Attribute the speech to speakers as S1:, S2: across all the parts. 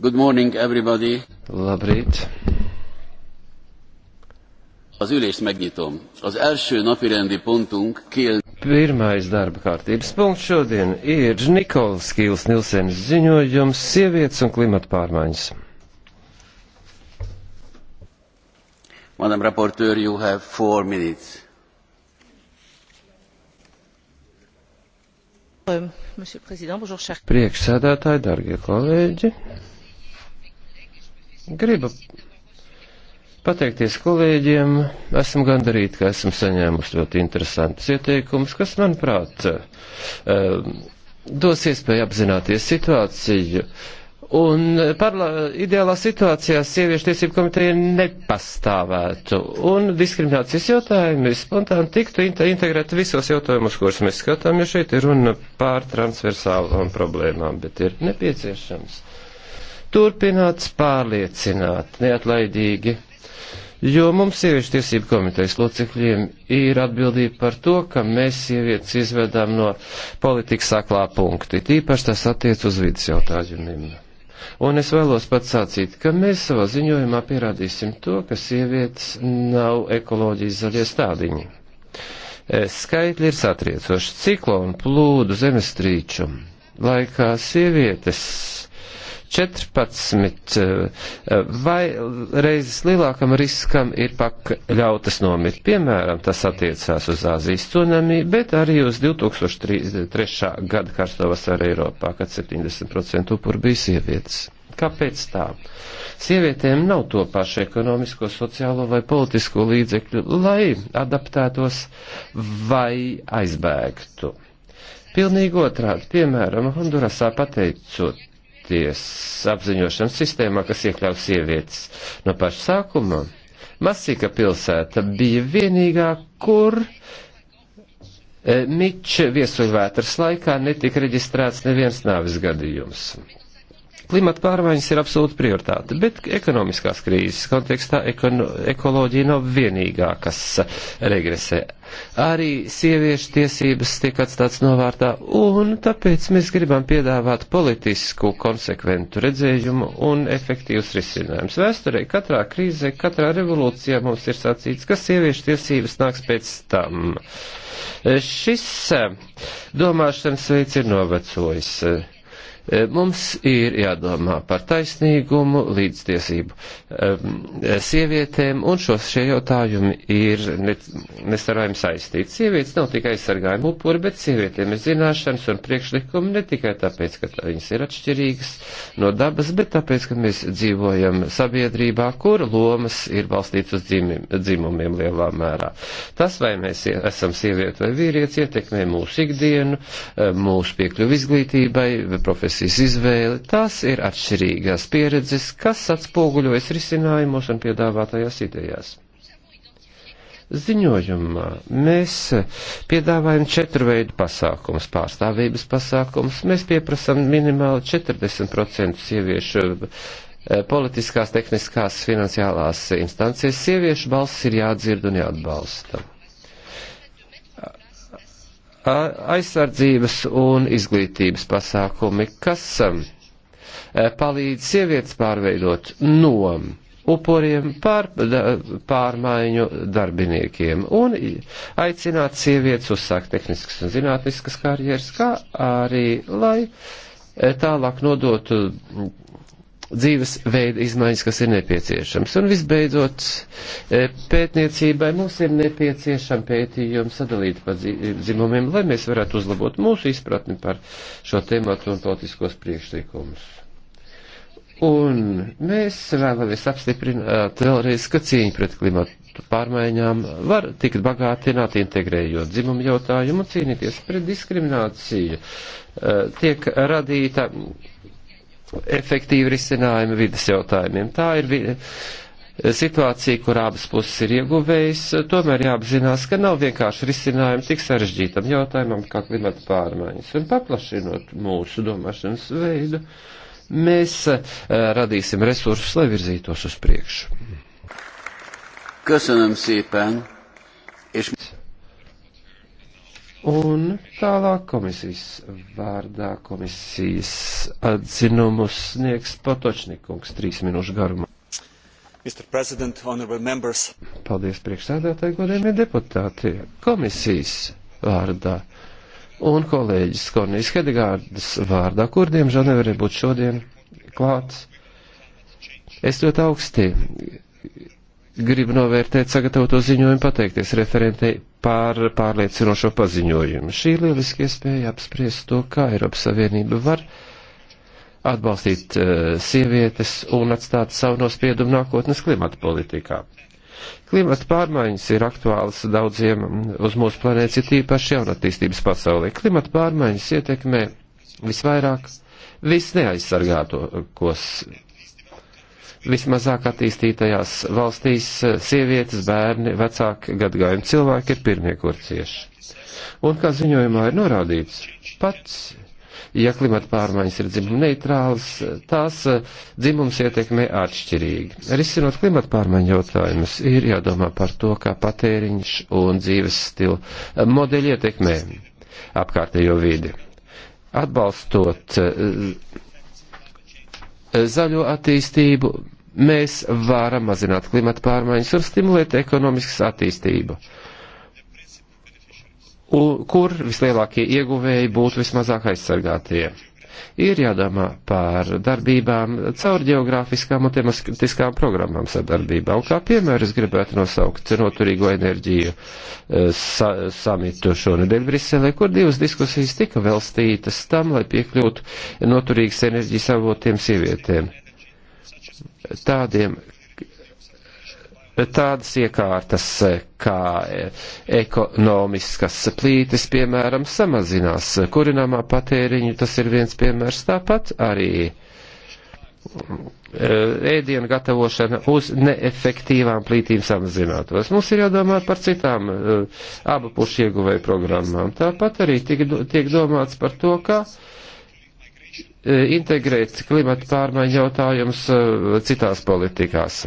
S1: Good morning, everybody. Labrīt. Az ülést megnyitom. Az első napirendi
S2: pontunk kiel... Pirmais darba kārtības punkts šodien ir Nikolas Kīls Nilsenis ziņojums sievietes un klimata pārmaiņas.
S1: Madam Rapporteur, you have four minutes.
S2: Priekšsēdētāji, darbie kolēģi, gribu pateikties kolēģiem. Esam gandarīti, ka esam saņēmuši ļoti interesantus ieteikumus, kas, manuprāt, eh, dos iespēju apzināties situāciju Un parla, ideālā situācijā sieviešu tiesību komiteja nepastāvētu, un diskriminācijas jautājumi spontāni tiktu integrēti visos jautājumus, kurus mēs skatām, jo šeit ir runa pār transversālām problēmām, bet ir nepieciešams turpināt pārliecināt neatlaidīgi, jo mums sieviešu tiesību komitejas locekļiem ir atbildība par to, ka mēs sievietes izvedām no politikas aklā punkti, tīpaši tas attiec uz vidas jautājumiem. Un es vēlos pats sacīt, ka mēs savā ziņojumā pierādīsim to, ka sievietes nav ekoloģijas zaļie stādiņi. E, skaitļi ir satriecoši. Ciklonu, plūdu, zemestrīču laikā sievietes 14 eh, vai reizes lielākam riskam ir pakļautas nomirt. Piemēram, tas attiecās uz Āzijas tsunami, bet arī uz 2003. gada karsto vasaru Eiropā, kad 70% upuru bija sievietes. Kāpēc tā? Sievietēm nav to pašu ekonomisko, sociālo vai politisko līdzekļu, lai adaptētos vai aizbēgtu. Pilnīgi otrādi, piemēram, Hondurasā pateicot piedalīties apziņošanas sistēmā, kas iekļauj sievietes no paša sākuma. Masīka pilsēta bija vienīgā, kur eh, Miča viesuļvētras laikā netika reģistrēts neviens nāvis gadījums. Klimata pārmaiņas ir absolūta prioritāte, bet ekonomiskās krīzes kontekstā ekono, ekoloģija nav vienīgā, kas regresē. Arī sieviešu tiesības tiek atstāts novārtā, un tāpēc mēs gribam piedāvāt politisku, konsekventu redzējumu un efektīvus risinājumus. Vēsturē katrā krīzē, katrā revolūcijā mums ir sacīts, ka sieviešu tiesības nāks pēc tam. Šis eh, domāšanas veids ir novecojis E, mums ir jādomā par taisnīgumu, līdztiesību e, e, sievietēm, un šos šie jautājumi ir nesarājami saistīti. Sievietes nav tikai aizsargājumi upuri, bet sievietēm ir zināšanas un priekšlikumi ne tikai tāpēc, ka viņas ir atšķirīgas no dabas, bet tāpēc, ka mēs dzīvojam sabiedrībā, kur lomas ir balstītas uz dzimumiem, dzimumiem lielā mērā. Tas, vai mēs esam sievieti vai vīrietis, ietekmē mūsu ikdienu, mūsu piekļuvu izglītībai, profesionālajai pieprasīs izvēli, tās ir atšķirīgās pieredzes, kas atspoguļojas risinājumos un piedāvātajās idejās. Ziņojumā mēs piedāvājam četru veidu pasākumus, pārstāvības pasākumus. Mēs pieprasam minimāli 40% sieviešu eh, politiskās, tehniskās, finansiālās instancijas. Sieviešu balss ir jādzird un jāatbalsta aizsardzības un izglītības pasākumi, kas um, e, palīdz sievietes pārveidot no upuriem pār, da, pārmaiņu darbiniekiem un aicināt sievietes uzsākt tehniskas un zinātniskas karjeras, kā arī, lai e, tālāk nodotu dzīves veida izmaiņas, kas ir nepieciešams. Un visbeidzot, e, pētniecībai mums ir nepieciešama pētījuma sadalīta pa dzimumiem, lai mēs varētu uzlabot mūsu izpratni par šo tēmatu un politiskos priekšlikumus. Un mēs vēlamies apstiprināt vēlreiz, ka cīņa pret klimatu pārmaiņām var tikt bagātināt, integrējot dzimumu jautājumu un cīnīties pret diskrimināciju. E, tiek radīta efektīvi risinājumi vidas jautājumiem. Tā ir situācija, kur abas puses ir ieguvējis, tomēr jāapzinās, ka nav vienkārši risinājumi tik sarežģītam jautājumam kā klimata pārmaiņas. Un paplašinot mūsu domāšanas veidu, mēs eh, radīsim resursus, lai virzītos uz priekšu.
S1: Köszönöm szépen! És...
S2: Un tālāk komisijas vārdā komisijas atzinumus sniegs Patočnikungs trīs minūšu garumā. Paldies priekšsēdētāji, godējumie deputāti, komisijas vārdā un kolēģis Kornijas Hedegārdas vārdā, kur diemžēl nevarēja būt šodien klāts. Es ļoti augstī gribu novērtēt sagatavoto ziņojumu, pateikties referentei par pārliecinošo paziņojumu. Šī ir lieliski iespēja apspriest to, kā Eiropas Savienība var atbalstīt uh, sievietes un atstāt savu nospiedumu nākotnes klimata politikā. Klimata pārmaiņas ir aktuālas daudziem uz mūsu planētas, ir tīpaši jaunatīstības pasaulē. Klimata pārmaiņas ietekmē visvairāk visneaizsargātokos vismazāk attīstītajās valstīs eh, sievietes, bērni, vecāki gadgājumi cilvēki ir pirmie, kur cieši. Un kā ziņojumā ir norādīts, pats, ja klimata pārmaiņas ir dzimuma neitrāls, tās eh, dzimums ietekmē atšķirīgi. Risinot klimata pārmaiņu jautājumus, ir jādomā par to, kā patēriņš un dzīves stila eh, modeļi ietekmē apkārtējo vidi. Atbalstot zaļo attīstību, mēs varam mazināt klimata pārmaiņas un stimulēt ekonomiskas attīstību, un, kur vislielākie ieguvēji būtu vismazāk aizsargātie. Ir jādomā par darbībām caur geogrāfiskām un tematiskām programmām sadarbībā. Un kā piemēru es gribētu nosaukt noturīgo enerģiju e, sa samitu šonadēļ Briselē, kur divas diskusijas tika velstītas tam, lai piekļūtu noturīgas enerģijas avotiem sievietēm tādiem, tādas iekārtas kā ekonomiskas plītis, piemēram, samazinās kurināmā patēriņu, tas ir viens piemērs tāpat arī e, ēdienu gatavošana uz neefektīvām plītīm samazinātos. Mums ir jādomā par citām e, abu pušu ieguvēju programmām. Tāpat arī tiek domāts par to, ka uh, E, integrēt klimata pārmaiņu jautājumus e, citās politikās.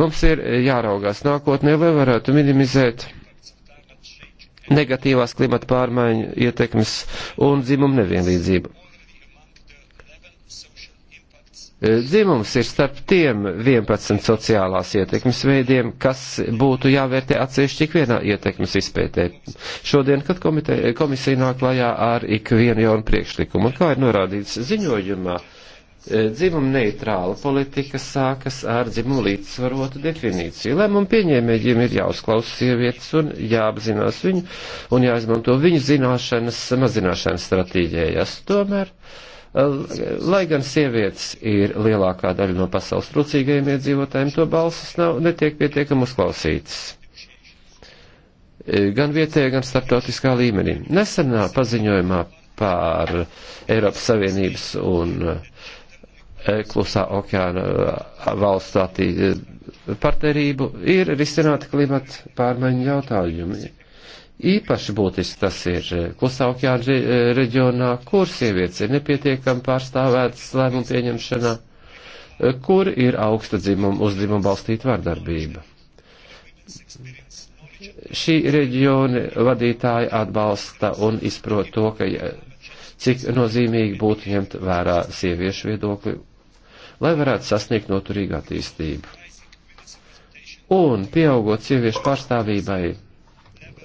S2: Mums ir jāraugās nākotnē, lai varētu minimizēt negatīvās klimata pārmaiņu ietekmes un dzimumu nevienlīdzību. E, dzimums ir starp tiem 11 sociālās ietekmes veidiem, kas būtu jāvērtē atsevišķi ikvienā ietekmes izpētē. Šodien, kad komite, komisija nāk klajā ar ikvienu jaunu priekšlikumu, un kā ir norādīts ziņojumā, e, dzimuma neitrāla politika sākas ar dzimumu līdzsvarotu definīciju. Lēmumu pieņēmējiem ir jāuzklausa sievietes un jāapzinās viņu un jāizmanto viņu zināšanas mazināšanas stratēģijas. Tomēr Lai gan sievietes ir lielākā daļa no pasaules trūcīgajiem iedzīvotājiem, to balsis nav, netiek pietiekami uzklausītas. E, gan vietējā, gan starptautiskā līmenī. Nesenā paziņojumā par Eiropas Savienības un e, klusā okeāna e, valstu partnerību ir risināti klimata pārmaiņu jautājumi Īpaši būtiski tas ir eh, klusā okeāna eh, reģionā, kur sievietes ir nepietiekami pārstāvētas lēmumu pieņemšanā, eh, kur ir augsta dzimuma uzdzimuma balstīta vardarbība. Šī reģiona vadītāja atbalsta un izprot to, ka cik nozīmīgi būtu ņemt vērā sieviešu viedokli, lai varētu sasniegt noturīgu attīstību. Un pieaugot sieviešu pārstāvībai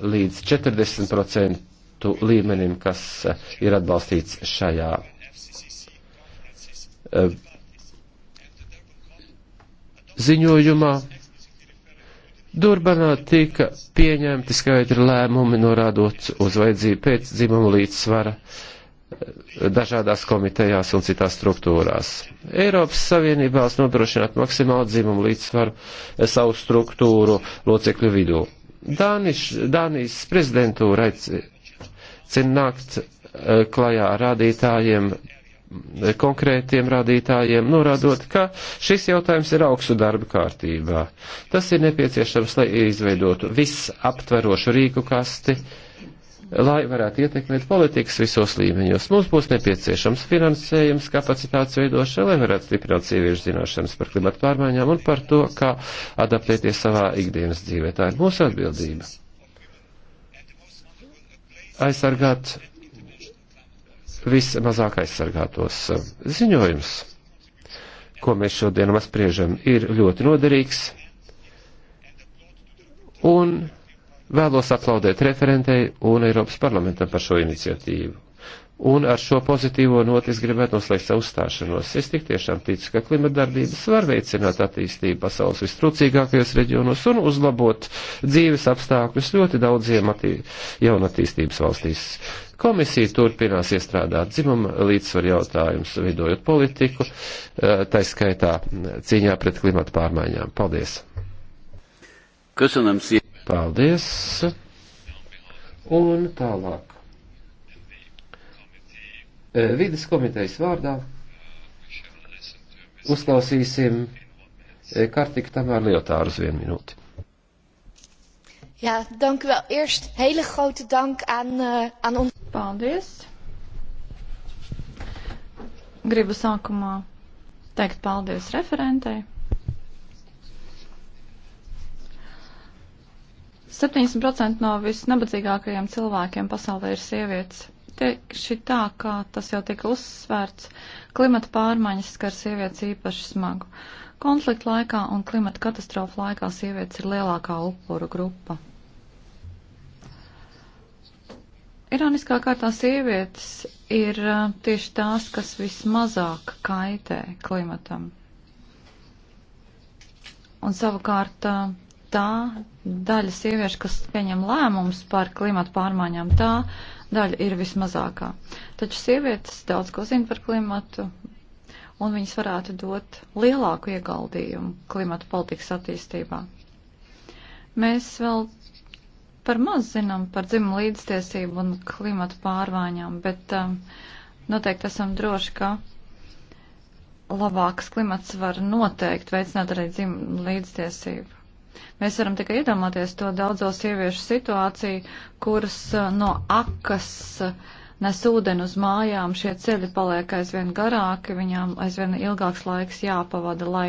S2: līdz 40% līmenim, kas eh, ir atbalstīts šajā eh, ziņojumā. Durbanā tika pieņemti skaidri lēmumi, norādot uz vajadzību pēc dzimumu līdzsvara eh, dažādās komitejās un citās struktūrās. Eiropas Savienībās nodrošināt maksimālu dzimumu līdzsvaru savu struktūru locekļu vidū. Dāniš, Dānijas prezidentūra aicina nākt eh, klajā rādītājiem, eh, konkrētiem rādītājiem, norādot, ka šis jautājums ir augstu darba kārtībā. Tas ir nepieciešams, lai izveidotu visaptverošu rīku kasti, uh, lai varētu ietekmēt politikas visos līmeņos. Mums būs nepieciešams finansējums, kapacitātes veidošana, lai varētu stiprināt sieviešu zināšanas par klimatu pārmaiņām un par to, kā adaptēties savā ikdienas dzīvē. Tā ir mūsu atbildība. Aizsargāt vismazāk aizsargātos ziņojums, ko mēs šodien apspriežam, ir ļoti noderīgs. Un Vēlos aplaudēt referentei un Eiropas parlamentam par šo iniciatīvu. Un ar šo pozitīvo noti es gribētu noslēgt savu stāšanos. Es tik tiešām ticu, ka klimatdarbības var veicināt attīstību pasaules vistrūcīgākajos reģionos un uzlabot dzīves apstākļus ļoti daudziem attī jaunatīstības valstīs. Komisija turpinās iestrādāt dzimuma līdzsvaru jautājumus, vidojot politiku, eh, taiskaitā mm, cīņā pret klimatu pārmaiņām. Paldies!
S1: Köszönöm szépen!
S2: Paldies! Un tālāk. E, vides komitejas vārdā uzklausīsim e, Kartika Tamāra Liotāru uz vienu minūti.
S1: Jā, dank vēl. Eerst hele
S3: grote dank aan, uh, aan ons. Paldies. Gribu sākumā teikt paldies referentei. 70% no visnabadzīgākajiem cilvēkiem pasaulē ir sievietes. Tieši tā, kā tas jau tika uzsvērts, klimata pārmaiņas skar sievietes īpaši smagu. Konflikta laikā un klimata katastrofa laikā sievietes ir lielākā upuru grupa. Ironiskā kārtā sievietes ir uh, tieši tās, kas vismazāk kaitē klimatam. Un savukārt uh, tā daļa sieviešu, kas pieņem lēmumus par klimatu pārmaiņām, tā daļa ir vismazākā. Taču sievietes daudz ko zina par klimatu, un viņas varētu dot lielāku ieguldījumu klimatu politikas attīstībā. Mēs vēl par maz zinām par dzimumu līdztiesību un klimatu pārmaiņām, bet um, noteikti esam droši, ka labāks klimats var noteikti veicināt arī dzimumu līdztiesību. Mēs varam tikai iedomāties to daudzo sieviešu situāciju, kuras eh, no akas eh, nes ūdeni uz mājām, šie ceļi paliek aizvien garāki, viņām aizvien ilgāks laiks jāpavada, lai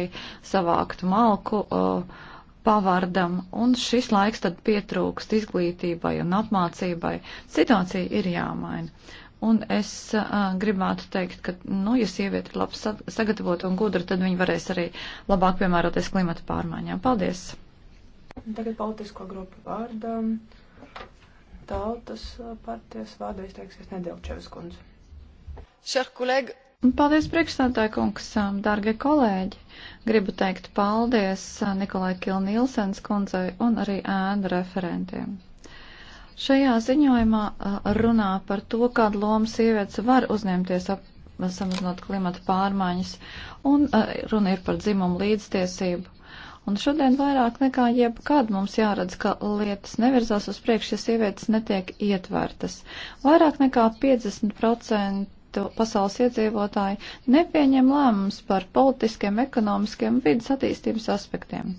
S3: savāktu malku o, eh, pavardam, un šis laiks tad pietrūkst izglītībai un apmācībai. Situācija ir jāmaina. Un es uh, gribētu teikt, ka, nu, ja sieviete ir labi sagatavota un gudra, tad viņa varēs arī labāk piemēroties klimata pārmaiņām. Paldies!
S4: Tagad politisko grupu vārdām tautas partijas vārdā izteiksies Nedelčevas kundze. Šer kolēģi.
S3: Paldies, priekšstādāja kungs, dārgie kolēģi. Gribu teikt paldies Nikolai Kilnīlsens kundzei un arī ēnu referentiem. Šajā ziņojumā runā par to, kādu lomu sievietes var uzņemties ap samazinot klimata pārmaiņas, un runa ir par dzimumu līdztiesību Un šodien vairāk nekā jebkad mums jāredz, ka lietas nevirzās uz priekšu, ja sievietes netiek ietvertas. Vairāk nekā 50% pasaules iedzīvotāji nepieņem lēmumus par politiskiem, ekonomiskiem, vidas attīstības aspektiem.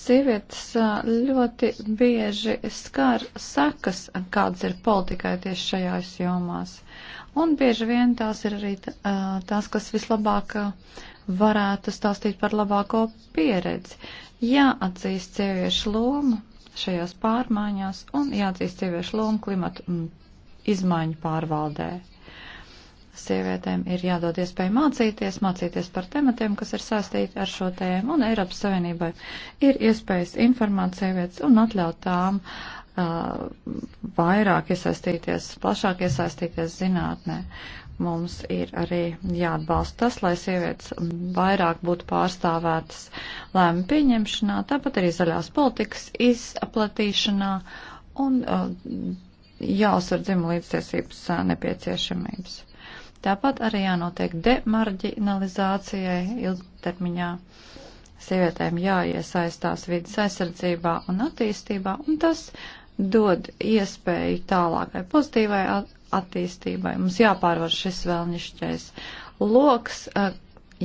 S3: Sievietes ļoti bieži skar sekas, kādas ir politikai tieši šajās jomās. Un bieži vien tās ir arī tās, kas vislabāk varētu stāstīt par labāko pieredzi. Jāatzīst sieviešu lomu šajās pārmaiņās un jāatzīst sieviešu lomu klimatu mm, izmaiņu pārvaldē. Sievietēm ir jādod iespēja mācīties, mācīties par tematiem, kas ir saistīti ar šo tēmu, un Eiropas Savienībai ir iespējas informēt sievietes un atļaut tām uh, vairāk iesaistīties, plašāk iesaistīties zinātnē. Uh, Mums ir arī jāatbalsta tas, lai sievietes vairāk būtu pārstāvētas lēmu pieņemšanā, tāpat arī zaļās politikas izplatīšanā un uh, jāuzsver dzimuma līdztiesības uh, nepieciešamības. Tāpat arī jānotiek demarģinalizācijai ilgtermiņā. Sievietēm jāiesaistās vidas aizsardzībā un attīstībā, un tas dod iespēju tālākai pozitīvai attīstībai. Mums jāpārvar šis vēlnišķais loks,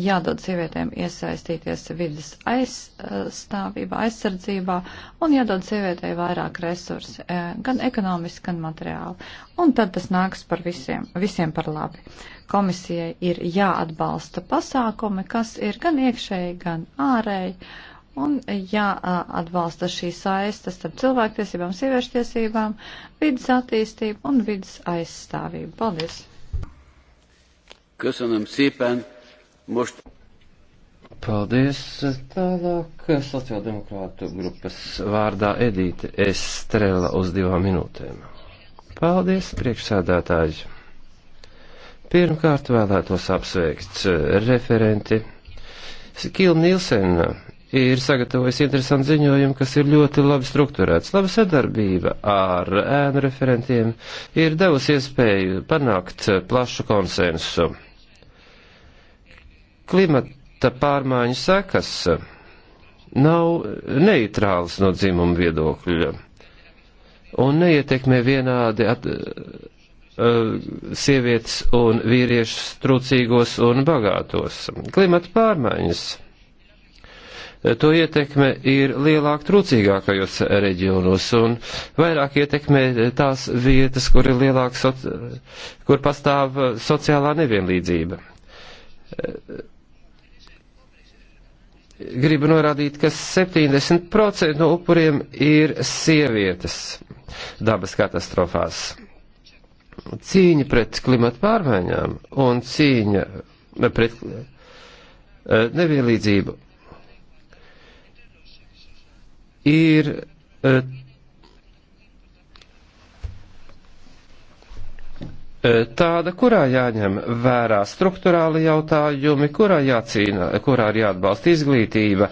S3: jādod sievietēm iesaistīties vidas aizstāvībā, aizsardzībā un jādod sievietei vairāk resursi, gan ekonomiski, gan materiāli. Un tad tas nāks par visiem, visiem par labi. Komisijai ir jāatbalsta pasākumi, kas ir gan iekšēji, gan ārēji. Uh, un e, jāatbalsta šī saistas starp cilvēktiesībām, sieviešu tiesībām, vidas attīstību un vidas aizstāvību. Paldies!
S1: Köszönöm szépen! Most...
S2: Paldies! Tālāk sociāldemokrātu grupas vārdā Edīte Estrela uz divām minūtēm. Paldies, priekšsēdētāji! Pirmkārt vēlētos apsveikt e, referenti Kilnu Nilsenu ir sagatavojis interesantu ziņojumu, kas ir ļoti labi strukturēts. Laba sadarbība ar ēnu referentiem ir devusi iespēju panākt plašu konsensu. Klimata pārmaiņu sekas nav neitrāls no dzimuma viedokļa un neietekmē vienādi at, sievietes un vīriešus trūcīgos un bagātos. Klimata pārmaiņas to ietekme ir lielāk trūcīgākajos reģionos un vairāk ietekmē tās vietas, kur ir lielāk, soci... kur pastāv sociālā nevienlīdzība. Gribu norādīt, ka 70% no upuriem ir sievietes dabas katastrofās. Cīņa pret klimatu pārmaiņām un cīņa pret eh, nevienlīdzību ir eh, eh, tāda, kurā jāņem vērā struktūrāli jautājumi, kurā jācīna, kurā ir jāatbalsta izglītība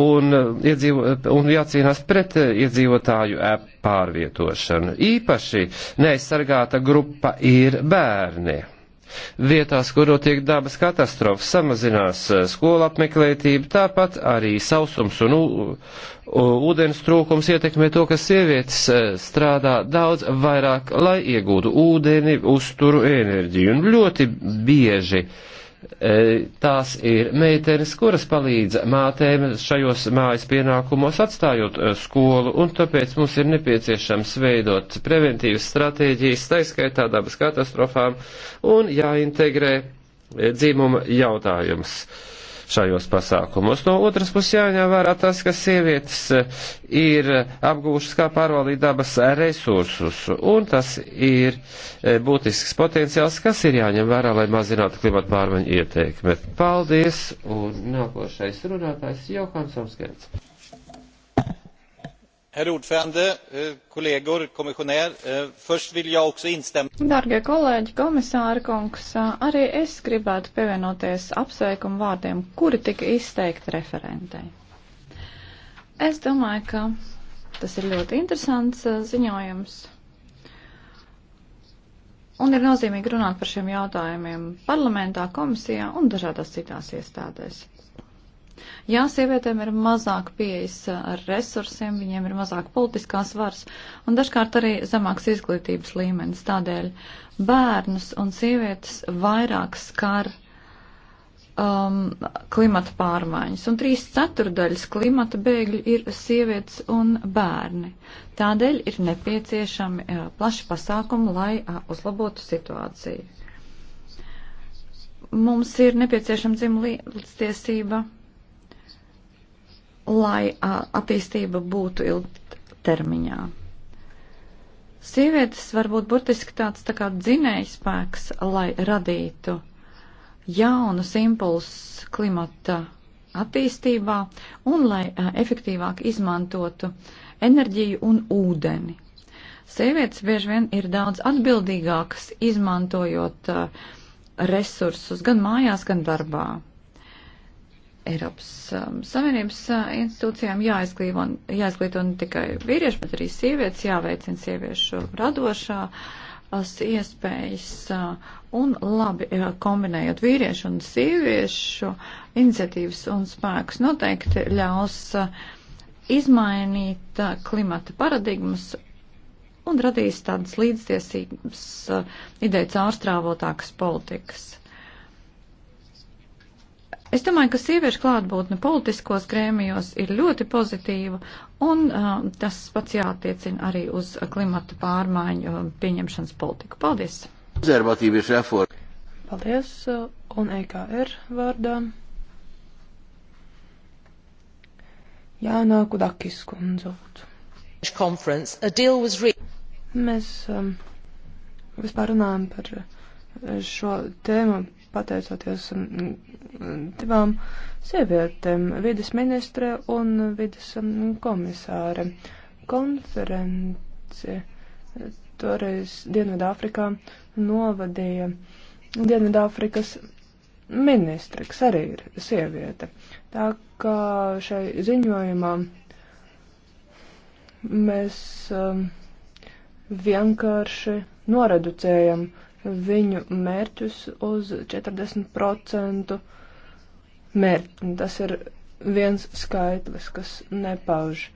S2: un, eh, iedzīvo, un jācīnās pret iedzīvotāju pārvietošanu. Īpaši neaizsargāta grupa ir bērni. Vietās, kur notiek dabas katastrofas, samazinās eh, skola apmeklētība, tāpat arī sausums un ūdens trūkums ietekmē to, ka sievietes eh, strādā daudz vairāk, lai iegūtu ūdeni, uzturu, enerģiju. Un ļoti bieži uh, E, tās ir meitenes, kuras palīdz mātēm šajos mājas pienākumos atstājot e, skolu, un tāpēc mums ir nepieciešams veidot preventīvas stratēģijas, taiskaitā dabas katastrofām, un jāintegrē e, dzimuma jautājums. Uh, šajos pasākumos. No otras puses jāņem vērā tas, ka sievietes eh, ir eh, apgūšas kā pārvaldīt dabas resursus, un tas ir eh, būtisks potenciāls, kas ir jāņem vērā, lai mazinātu klimatu pārmaiņu ieteikmi. Paldies, un nākošais runātājs Johansons Gens.
S1: Eh, eh,
S3: Darbie kolēģi, komisāra kungs, eh, arī es gribētu pievienoties apsveikumu vārdiem, kuri tika izteikti referentei. Es domāju, ka tas ir ļoti interesants ziņojums. Un ir nozīmīgi runāt par šiem jautājumiem parlamentā, komisijā un dažādās citās iestādēs. Jā, sievietēm ir mazāk pieejas uh, ar resursiem, viņiem ir mazāk politiskās varas un dažkārt arī zemāks izglītības līmenis. Tādēļ bērnus un sievietes vairāk skar um, klimata pārmaiņas, un trīs ceturdaļas klimata bēgļu ir sievietes un bērni. Tādēļ ir nepieciešami uh, plaši pasākumi, lai uh, uzlabotu situāciju. Mums ir nepieciešama dzimuma līdztiesība lai attīstība būtu ilgtermiņā. Sievietes var būt burtiski tāds tā kā dzinējspēks, lai radītu jaunus impulsus klimata attīstībā un lai efektīvāk izmantotu enerģiju un ūdeni. Sievietes bieži vien ir daudz atbildīgākas izmantojot resursus gan mājās, gan darbā. Eiropas um, Savienības uh, institūcijām jāizglīto, jāizglīto ne tikai vīrieši, bet arī sievietes, jāveicina sieviešu radošās uh, iespējas uh, un labi uh, kombinējot vīriešu un sieviešu iniciatīvas un spēkus noteikti ļaus uh, izmainīt uh, klimata paradigmas un radīs tādas līdztiesības uh, ideja caurstrāvotākas politikas. Es domāju, ka sieviešu klātbūtne politiskos grēmijos ir ļoti pozitīva, un uh, tas pats jātiecina arī uz klimata pārmaiņu uh, pieņemšanas politiku. Paldies!
S1: Konservatīviešu reforma.
S3: Paldies, uh, un EKR vārdā.
S4: Jānā Kudakis kundzot. Mēs um, vispār runājam par uh, šo tēmu pateicoties mm, mm, divām sievietēm - vidas ministre un vidas mm, komisāre. Konference toreiz Dienvidāfrikā novadīja Dienvidāfrikas ministre, kas arī ir sieviete. Tā kā šai ziņojumā mēs um, vienkārši noreducējam uh, viņu mērķus uz 40% mērķi. Tas ir viens skaitlis, kas nepauž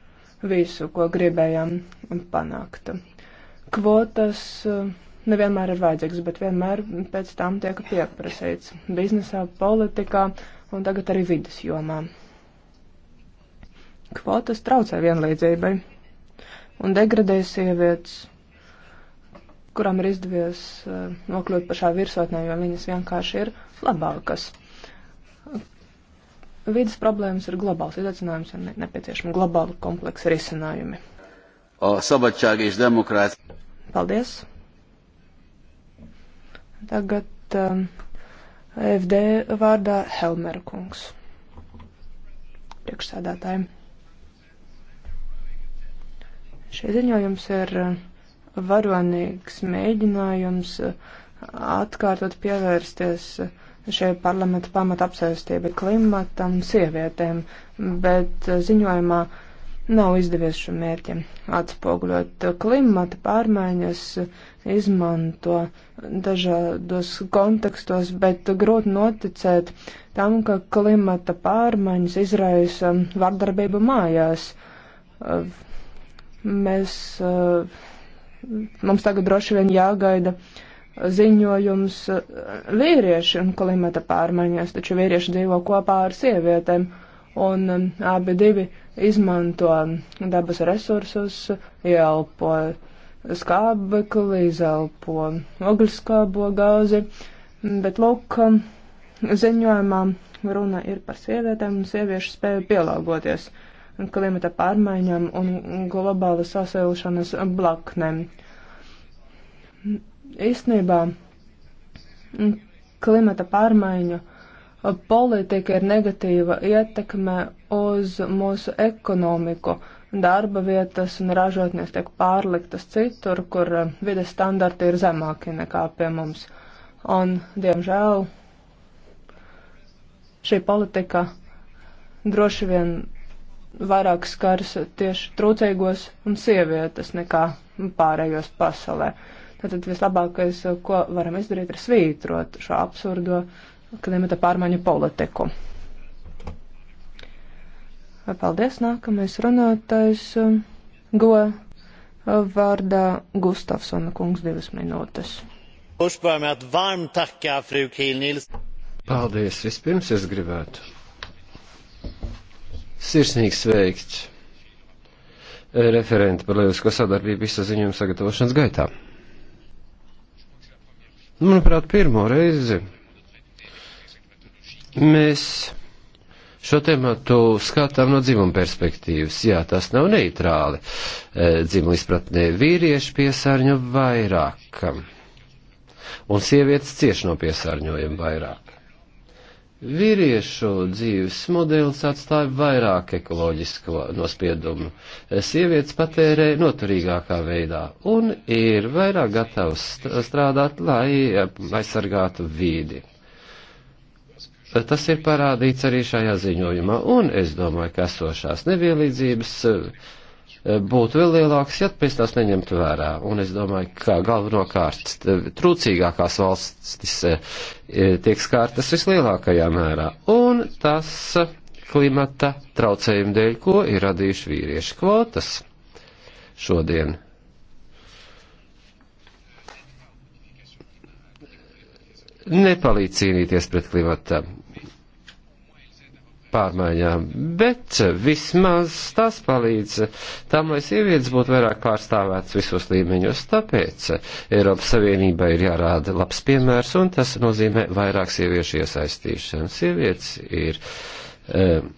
S4: visu, ko gribējām panākt. Kvotas eh, nevienmēr ir vajadzīgas, bet vienmēr pēc tām tiek pieprasīts biznesā, politikā un tagad arī vidas jomā. Kvotas traucē vienlīdzībai un degradē sievietes kurām ir izdevies eh, nokļūt pašā virsotnē, jo viņas vienkārši ir labākas. Vides problēmas ir globāls izaicinājums un nepieciešami globāli kompleksi risinājumi.
S1: O szabadság és demokrát.
S4: Paldies. Tagad um, ehm, FD vārdā Helmer kungs. Priekšsēdētāji. Šie ziņojums ir uh, varonīgs mēģinājums uh, atkārtot pievērsties uh, šai parlamenta pamata apsēstībai klimatam, sievietēm, bet uh, ziņojumā nav izdevies šo mērķi atspoguļot. Klimata pārmaiņas izmanto dažādos kontekstos, bet grūti noticēt tam, ka klimata pārmaiņas izraisa vardarbību mājās. Mēs uh, Mums tagad droši vien jāgaida ziņojums eh, vīrieši un klimata pārmaiņas, taču vīrieši dzīvo kopā ar sievietēm un um, abi divi izmanto um, dabas resursus, ielpo skābekli, izelpo ogliskābo gāzi, bet lūk, um, ziņojumā runa ir par sievietēm un sieviešu spēju pielāgoties. Uh, klimata pārmaiņām un globālas sasilšanas blaknēm. Īstenībā mm, klimata pārmaiņu politika ir negatīva ietekme uz mūsu ekonomiku. Darba vietas un ražotnes tiek pārliktas citur, kur vides standarti ir zemāki nekā pie mums. Un, diemžēl, šī politika droši vien vairāk skars tieši trūcīgos un sievietes nekā pārējos pasaulē. Tātad vislabākais, ko varam izdarīt, ir svītrot šo absurdo klimata pārmaiņu politiku. Paldies, nākamais runātais go vārdā Gustafsona kungs divas minūtes.
S2: Paldies, vispirms es gribētu Sirsnīgi sveikt eh, referenti par lielisko sadarbību visu ziņojumu sagatavošanas gaitā. Manuprāt, pirmo reizi mēs šo tēmu skatām no dzimuma perspektīvas. Jā, tas nav neitrāli. Eh, dzimuma izpratnē vīrieši piesārņo vairāk, un sievietes cieši no piesārņojuma vairāk. Vīriešu dzīves modelis atstāja vairāk ekoloģisko nospiedumu. Sievietes patērē noturīgākā veidā un ir vairāk gatavs strādāt, lai aizsargātu vīdi. Tas ir parādīts arī šajā ziņojumā, un es domāju, ka esošās nevienlīdzības Eh, būtu vēl lielāks, ja mēs tās neņemtu vērā. Un es domāju, ka galvenokārt eh, trūcīgākās valstis eh, tiek skārtas vislielākajā mērā. Un tas klimata traucējumu dēļ, ko ir radījuši vīriešu kvotas šodien. Nepalīdz cīnīties pret klimata pārmaiņām, bet vismaz tas palīdz tam, lai sievietes būtu vairāk pārstāvētas visos līmeņos. Tāpēc Eiropas Savienībai ir jārāda labs piemērs, un tas nozīmē vairāk sieviešu iesaistīšanu. Sievietes ir. Um,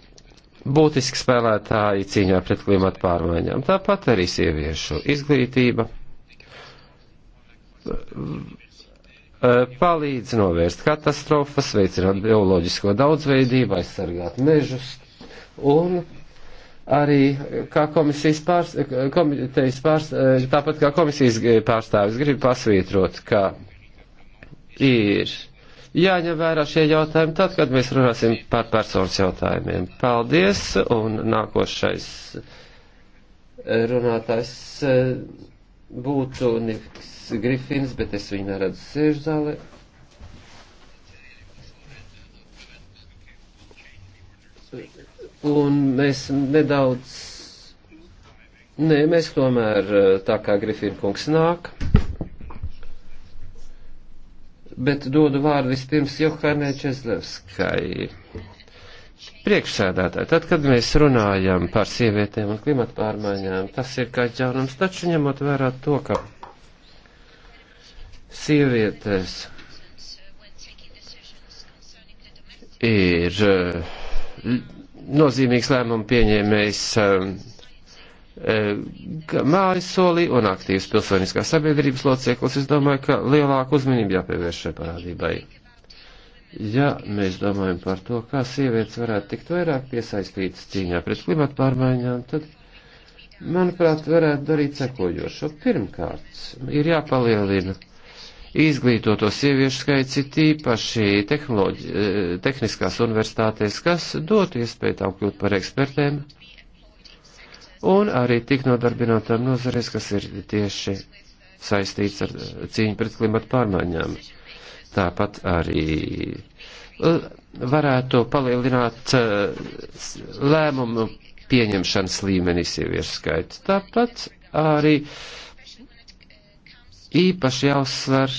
S2: būtiski spēlētāji cīņā pret klimatu pārmaiņām. Tāpat arī sieviešu izglītība Eh, palīdz novērst katastrofas, veicināt bioloģisko daudzveidību, aizsargāt mežus un arī kā komisijas pārs, komitejas pārs, eh, tāpat kā komisijas pārstāvis grib pasvītrot, ka ir jāņem vērā šie jautājumi tad, kad mēs runāsim par personas jautājumiem. Paldies, un nākošais eh, runātājs būtu Niks Grifins, bet es viņu neredzu sēžzālē. Un mēs nedaudz, nē, mēs tomēr, tā kā Grifina kungs nāk, bet dodu vārdu vispirms Johanē Čezlevskai. Priekšsēdētāji, tad, kad mēs runājam par sievietēm un klimatu pārmaiņām, tas ir kā ģērums, taču ņemot vērā to, ka sievietes ir eh, nozīmīgs lēmumu pieņēmējs eh, mājas solī un aktīvs pilsoniskās sabiedrības loceklis. Es domāju, ka lielāku uzmanību jāpievērš šai parādībai. Ja mēs domājam par to, kā sievietes varētu tikt vairāk piesaistītas cīņā pret klimatu pārmaiņām, tad, manuprāt, varētu darīt sekojošo. Pirmkārt, ir jāpalielina Izglītoto sieviešu skaits ir tīpaši eh, tehniskās universitātēs, kas dotu iespēju tām kļūt par ekspertēm, un arī tik nodarbinātām nozarēs, kas ir tieši saistīts ar eh, cīņu pret klimatu pārmaiņām. Tāpat arī eh, varētu palielināt lēmumu pieņemšanas līmenī sieviešu skaitu. Tāpat arī uh, īpaši jāuzsver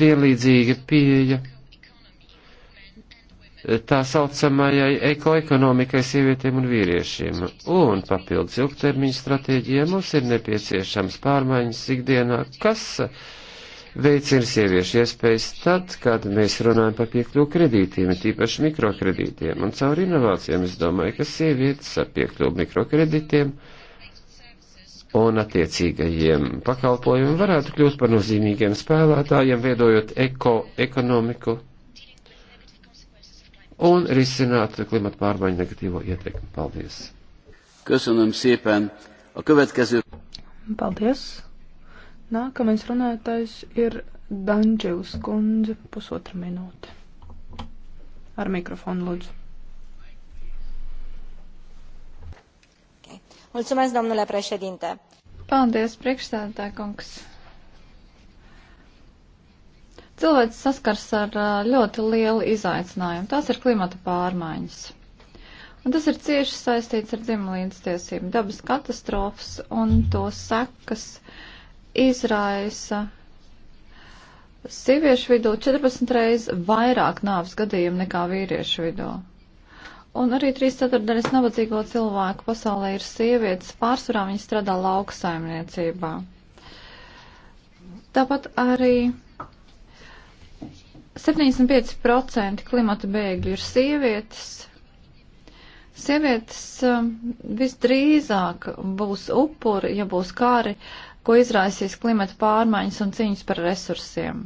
S2: vienlīdzīga pieeja tā saucamajai ekoekonomikai sievietēm un vīriešiem. Un papildus ilgtermiņa stratēģijai mums ir nepieciešams pārmaiņas ikdienā, kas veicina sieviešu iespējas tad, kad mēs runājam par piekļuvu kredītiem, tīpaši mikrokredītiem. Un caur inovācijām es domāju, ka sievietes ar piekļuvu mikrokredītiem uh, un attiecīgajiem pakalpojumiem varētu kļūt par nozīmīgiem spēlētājiem, veidojot eko, ekonomiku un risināt klimata pārmaiņu negatīvo ietekmi. Paldies!
S1: Köszönöm szépen! A következő...
S4: Paldies! Nākamais runātājs ir Dančevs kundze, pusotra minūte.
S3: Ar mikrofonu lūdzu. Mulțumesc, domnule președinte. Paldies, priekšstādātāja kungs. Cilvēks saskars ar ļoti lielu izaicinājumu. Tās ir klimata pārmaiņas. Un tas ir cieši saistīts ar dzimumlīdztiesību. Dabas katastrofas un to sekas izraisa sieviešu vidū 14 reizes vairāk nāves gadījumu nekā vīriešu vidū. Un arī trīs ceturtdaļas nabadzīgo cilvēku pasaulē ir sievietes, pārsvarā viņas strādā lauksaimniecībā. Tāpat arī 75% klimata bēgļu ir sievietes. Sievietes um, visdrīzāk būs upuri, ja būs kāri, ko izraisīs klimata pārmaiņas un cīņas par resursiem.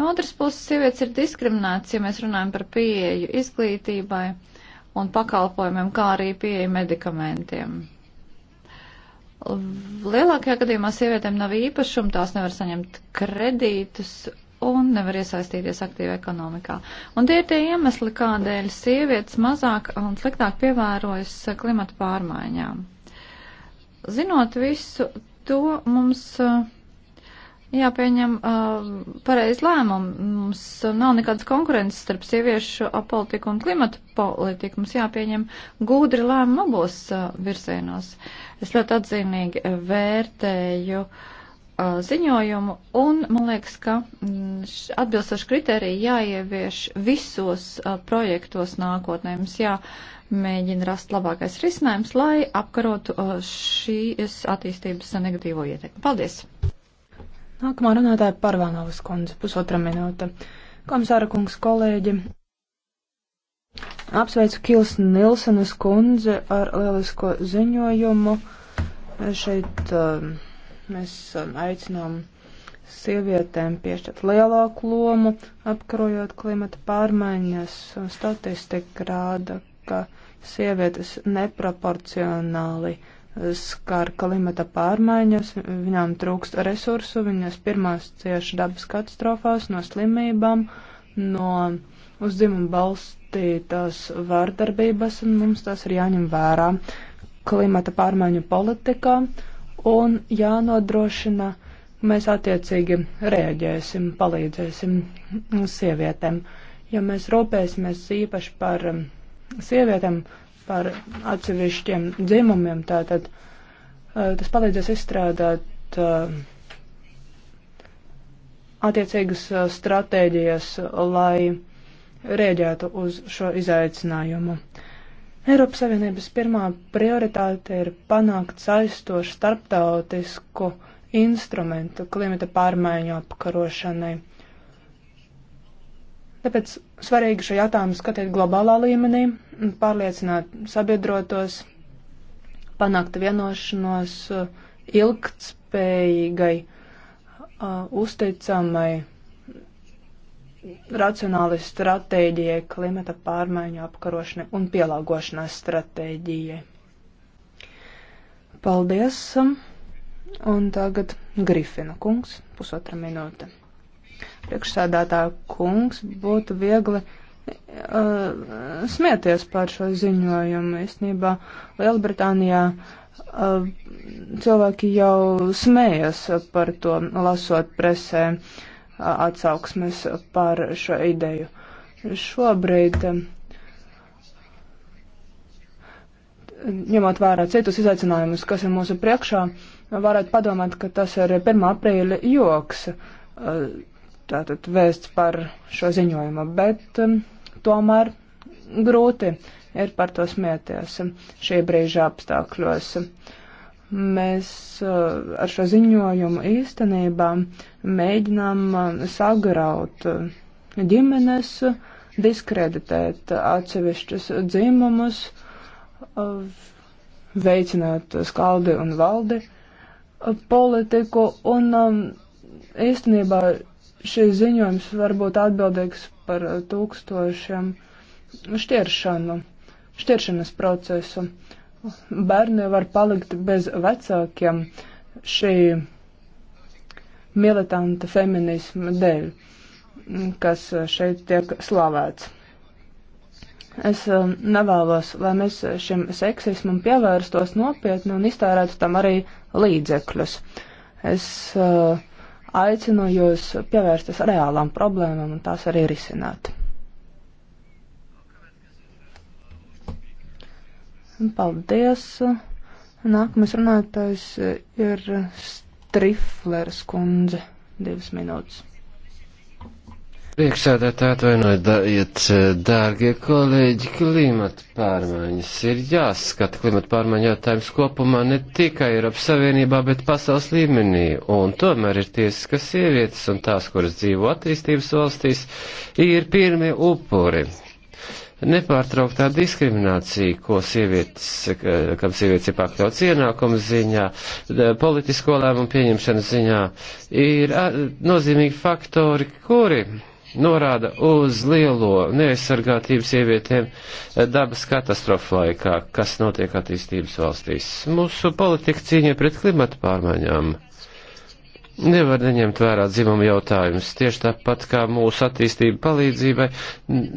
S3: No otras puses, sievietes ir diskriminētas, ja mēs runājam par pieeju izglītībai un pakalpojumiem, kā arī pieeja medikamentiem. Lielākajā gadījumā sievietēm nav īpašumu, tās nevar saņemt kredītus un nevar iesaistīties aktīvi ekonomikā. Un tie ir tie iemesli, kādēļ sievietes mazāk un sliktāk pievērojas klimata pārmaiņām. Zinot visu to, mums. Uh, jāpieņem uh, pareizi lēmumu. Mums nav nekādas konkurences starp sieviešu politiku un klimatu politiku. Mums jāpieņem gudri lēmumu abos uh, virzienos. Es ļoti atzīmīgi vērtēju uh, ziņojumu un man liekas, ka mm, atbilstoši kriteriji jāievieš visos uh, projektos nākotnē. Mums jāmēģina rast labākais risinājums, lai apkarotu uh, šīs attīstības negatīvo ietekmi. Paldies!
S4: Nākamā runātāja Parvānovas kundze, pusotra minūte. Komisāra kungs, kolēģi, apsveicu Kils Nilsenas kundzi ar lielisko ziņojumu. Šeit uh, mēs um, aicinām sievietēm piešķirt lielāku lomu, apkarojot klimata pārmaiņas. Statistika rāda, ka sievietes neproporcionāli uh, skar klimata pārmaiņas, viņām trūkst resursu, viņas pirmās cieši dabas katastrofās, no slimībām, no uzdzimumu balstītās vārdarbības, un mums tas ir jāņem vērā klimata pārmaiņu politikā un jānodrošina, mēs attiecīgi reaģēsim, palīdzēsim sievietēm. Ja mēs rūpēsimies īpaši par sievietēm, par atsevišķiem dzimumiem. Tātad eh, tas palīdzēs izstrādāt eh, attiecīgas eh, stratēģijas, lai rēģētu uz šo izaicinājumu. Eiropas Savienības pirmā prioritāte ir panākt saistošu starptautisku instrumentu klimata pārmaiņu apkarošanai. Tāpēc svarīgi šo jautājumu skatīt globālā līmenī, pārliecināt sabiedrotos, panākt vienošanos uh, ilgtspējīgai, uh, uzticamai, racionāli stratēģijai, klimata pārmaiņu apkarošanai un pielāgošanās stratēģijai. Paldies! Um, un tagad Grifina kungs, pusotra minūte priekšsēdētā kungs, būtu viegli uh, smieties par šo ziņojumu. Īstenībā Lielbritānijā uh, cilvēki jau smējas par to, lasot presē uh, atsauksmes par šo ideju. Šobrīd, um, ņemot vērā citus izaicinājumus, kas ir mūsu priekšā, varētu padomāt, ka tas ir 1. aprīļa joks. Uh, tātad vēsts par šo ziņojumu, bet um, tomēr grūti ir par to smieties šī brīža apstākļos. Mēs uh, ar šo ziņojumu īstenībā mēģinām uh, sagraut uh, ģimenes, diskreditēt atsevišķus dzimumus, uh, veicināt skaldi un valdi uh, politiku un um, īstenībā šis ziņojums var būt atbildīgs par eh, tūkstošiem šķiršanu, šķiršanas procesu. Bērni var palikt bez vecākiem šī militanta feminisma dēļ, kas eh, šeit tiek slavēts. Es eh, nevēlos, lai mēs šim seksismam pievērstos nopietni un iztērētu tam arī līdzekļus. Es uh, Aicinu jūs pievērsties reālām problēmām un tās arī risināt. Paldies. Nākamais runātājs ir Striflers kundze. Divas minūtes.
S2: Priekšsēdētāji atvainojiet, e, dārgie kolēģi, klimata pārmaiņas ir jāskata. Klimata pārmaiņu jautājums kopumā ne tikai Eiropas Savienībā, bet pasaules līmenī. Un tomēr ir tiesa, ka sievietes un tās, kuras dzīvo attīstības valstīs, ir pirmie upuri. Nepārtrauktā diskriminācija, ko sievietes, kam sievietes ir pakļauts ienākumu ziņā, politisko lēmumu pieņemšanas ziņā, ir nozīmīgi faktori, kuri norāda uz lielo neaizsargātību sievietēm dabas katastrofu laikā, kas notiek attīstības valstīs. Mūsu politika cīņa pret klimatu pārmaiņām nevar neņemt vērā dzimumu jautājumus. Tieši tāpat kā mūsu attīstība palīdzībai,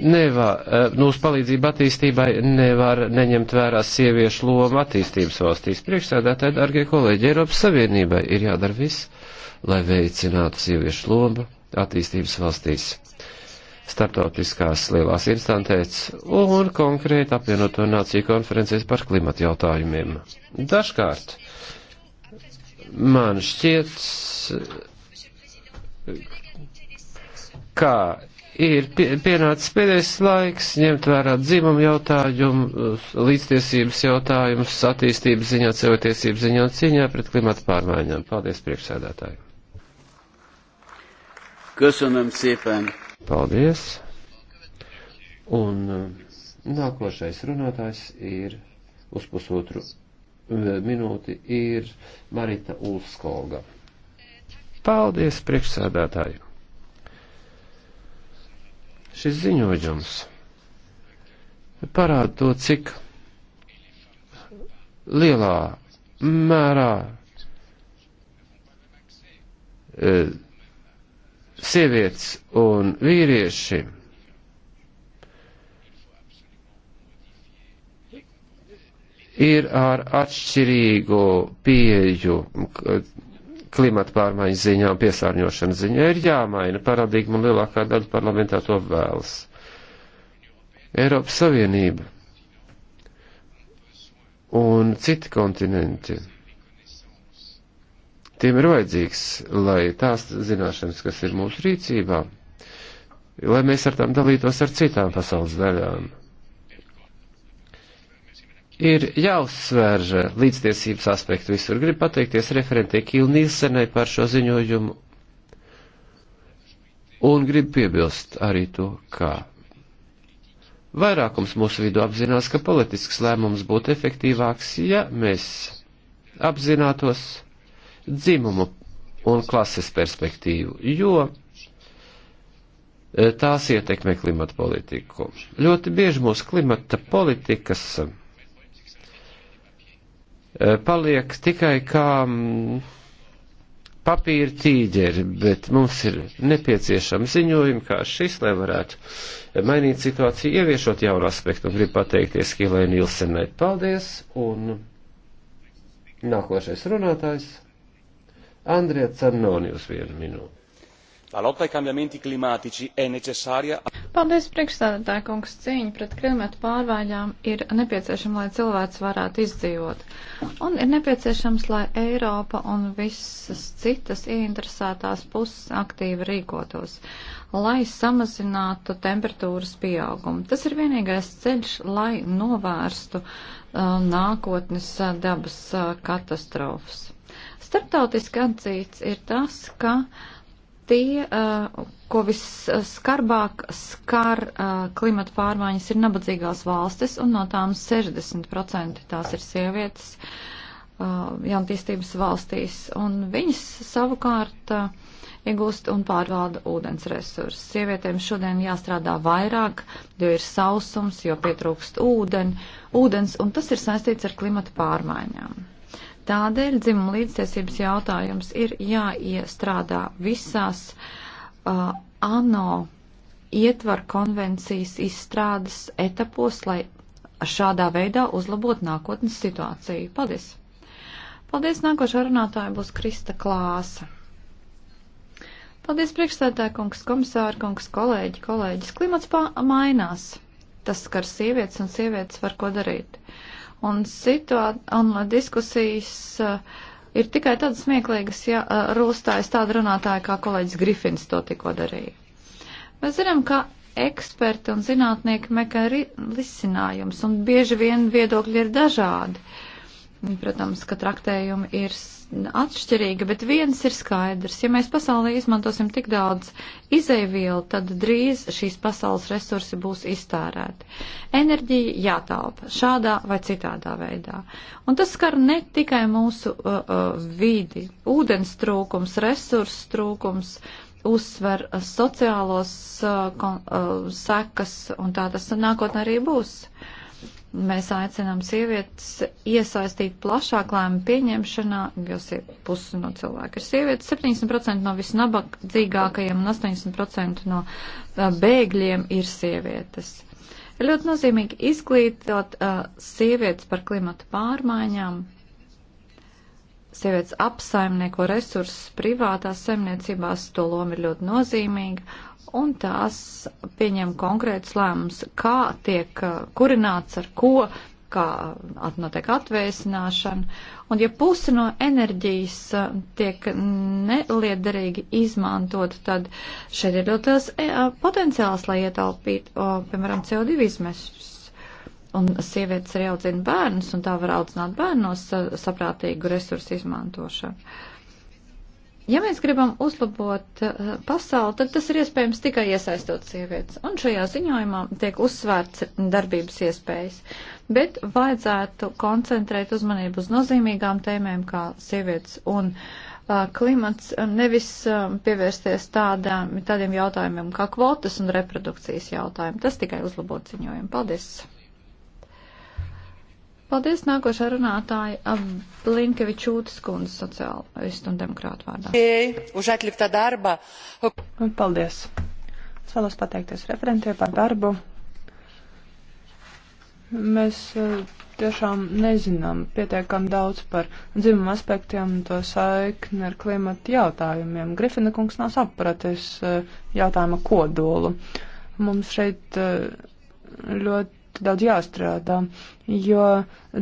S2: nevar, eh, mūsu palīdzība attīstībai nevar neņemt vērā sieviešu lomu attīstības valstīs. Priekšsēdētāji, dargie kolēģi, Eiropas Savienībai ir jādara viss, lai veicinātu sieviešu lomu attīstības valstīs starptautiskās lielās instantēs un konkrēti apvienoto nāciju konferencēs par klimatu jautājumiem. Dažkārt man šķiet, kā ir pienācis pēdējais laiks ņemt vērā dzimumu jautājumu, līdztiesības jautājumus, attīstības ziņā, cilvēktiesības ziņā un cīņā pret klimatu pārmaiņām. Paldies, priekšsēdētāji!
S1: Köszönöm szépen!
S2: Paldies! Un um, nākošais runātājs ir uz pusotru uh, minūti ir Marita Ulskoga. Paldies, priekšsēdētāji! Šis ziņojums parāda to, cik lielā mērā uh, sievietes un vīrieši ir ar atšķirīgu pieju klimata pārmaiņu ziņā un piesārņošanas ziņā. Ir jāmaina paradigma un lielākā daļa parlamentā to vēlas. Eiropas Savienība un citi kontinenti tiem ir vajadzīgs, lai tās zināšanas, kas ir mūsu rīcībā, lai mēs ar tām dalītos ar citām pasaules daļām. Ir jāuzsver līdztiesības aspektu visur. Gribu pateikties referentē Kīl Nīlsenai par šo ziņojumu un gribu piebilst arī to, kā. Vairākums mūsu vidu apzinās, ka politisks lēmums būtu efektīvāks, ja mēs apzinātos, dzimumu un klases perspektīvu, jo e, tās ietekmē klimata politiku. Ļoti bieži mūsu klimata politikas e, paliek tikai kā papīra tīģeri, bet mums ir nepieciešami ziņojumi kā šis, lai varētu e, mainīt situāciju, ieviešot jaunu aspektu. Un gribu pateikties Hilēnai Ilsenai. Paldies! Un nākošais runātājs. Andrija Cernoni uz vienu minūti. La lotta ai cambiamenti climatici è necessaria.
S3: Paldies, priekšstādātāja kungs, cīņa pret klimatu pārmaiņām ir nepieciešama, lai cilvēks varētu izdzīvot. Un ir nepieciešams, lai Eiropa un visas citas ieinteresētās puses aktīvi rīkotos, lai samazinātu temperatūras pieaugumu. Tas ir vienīgais ceļš, lai novērstu uh, nākotnes uh, dabas uh, katastrofas. Startautiski atzīts ir tas, ka tie, uh, ko visskarbāk skar uh, klimata pārmaiņas, ir nabadzīgās valstis, un no tām 60% tās ir sievietes uh, jaunatīstības valstīs, un viņas savukārt iegūst un pārvalda ūdens resursus. Sievietēm šodien jāstrādā vairāk, jo ir sausums, jo pietrūkst ūdeni, ūdens, un tas ir saistīts ar klimata pārmaiņām. Tādēļ dzimuma līdztiesības jautājums ir jāiestrādā visās uh, ANO ietvar konvencijas izstrādes etapos, lai šādā veidā uzlabot nākotnes situāciju. Paldies! Paldies, nākošā runātāja būs Krista Klāsa. Paldies, priekšstādāja kungs, komisāra kungs, kolēģi, kolēģis. Klimats mainās. Tas skar sievietes un sievietes var ko darīt. Uh, Un, situā, un diskusijas uh, ir tikai tādas smieklīgas, ja uh, rūstājas tāda runātāja, kā kolēģis Grifins to tikko darīja. Mēs zinām, ka eksperti un zinātnieki meklē risinājums, un bieži vien viedokļi ir dažādi. Protams, ka traktējumi ir atšķirīgi, bet viens ir skaidrs. Ja mēs pasaulē izmantosim tik daudz izēvielu, tad drīz šīs pasaules resursi būs iztērēti. Enerģija jātaupa šādā vai citādā veidā. Un tas skar ne tikai mūsu uh, uh, vidi, ūdens trūkums, resursu trūkums, uzsver uh, sociālos uh, kon, uh, sekas, un tā tas nākotnē arī būs. Uh, Mēs aicinām sievietes iesaistīt plašāk lēmu pieņemšanā, jo pusi no cilvēku ir sievietes. 70% no visnabadzīgākajiem un 80% no bēgļiem ir sievietes. Ir ļoti nozīmīgi izglītot uh, sievietes par klimatu pārmaiņām. Sievietes apsaimnieko resursus privātās saimniecībās, to loma ir ļoti nozīmīga un tās pieņem konkrētus lēmumus, kā tiek uh, kurināts ar ko, kā uh, notiek atvēsināšana. Un ja pusi no enerģijas uh, tiek neliederīgi izmantot, tad šeit ir ļoti liels e, potenciāls, lai ietaupītu, piemēram, CO2 izmešus. Un sievietes arī audzina bērnus, un tā var audzināt bērnos saprātīgu resursu izmantošanu. Uh, Ja mēs gribam uzlabot eh, pasauli, tad tas ir iespējams tikai iesaistot sievietes. Un šajā ziņojumā tiek uzsvērts darbības iespējas. Bet vajadzētu koncentrēt uzmanību uz nozīmīgām tēmēm kā sievietes un uh, klimats, nevis uh, pievērsties tādām, tādiem jautājumiem kā kvotas un reprodukcijas jautājumi. Tas tikai uzlabot ziņojumu. Paldies! Paldies nākošā runātāja Blinkevičūtas kundze sociālistu un demokrātu vārdā. Un paldies. Es vēlos pateikties referentiem par darbu.
S4: Mēs eh, tiešām nezinām pietiekam daudz par dzimumu aspektiem un to saikni ar klimatu jautājumiem. Grifina kungs nav sapratis eh, jautājuma kodolu. Mums šeit eh, ļoti ļoti daudz jāstrādā, jo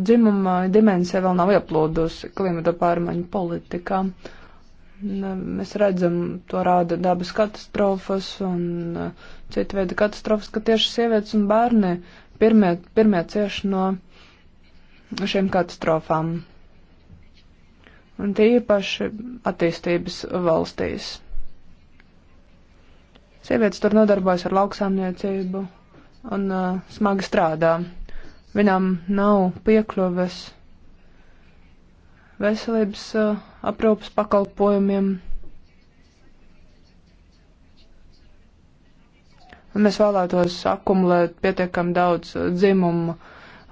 S4: dzimuma dimensija vēl nav ieplūdusi klimata pārmaiņu politikā. Nu, mēs redzam, to rāda dabas katastrofas un uh, cita veida katastrofas, ka tieši sievietes un bērni pirmie, pirmie cieši no šiem katastrofām. Un tie īpaši attīstības valstīs. Sievietes tur nodarbojas ar lauksāmniecību, un uh, smagi strādā. Viņam nav piekļuves veselības uh, aprūpas pakalpojumiem. Un mēs vēlētos akumulēt pietiekam daudz uh, dzimumu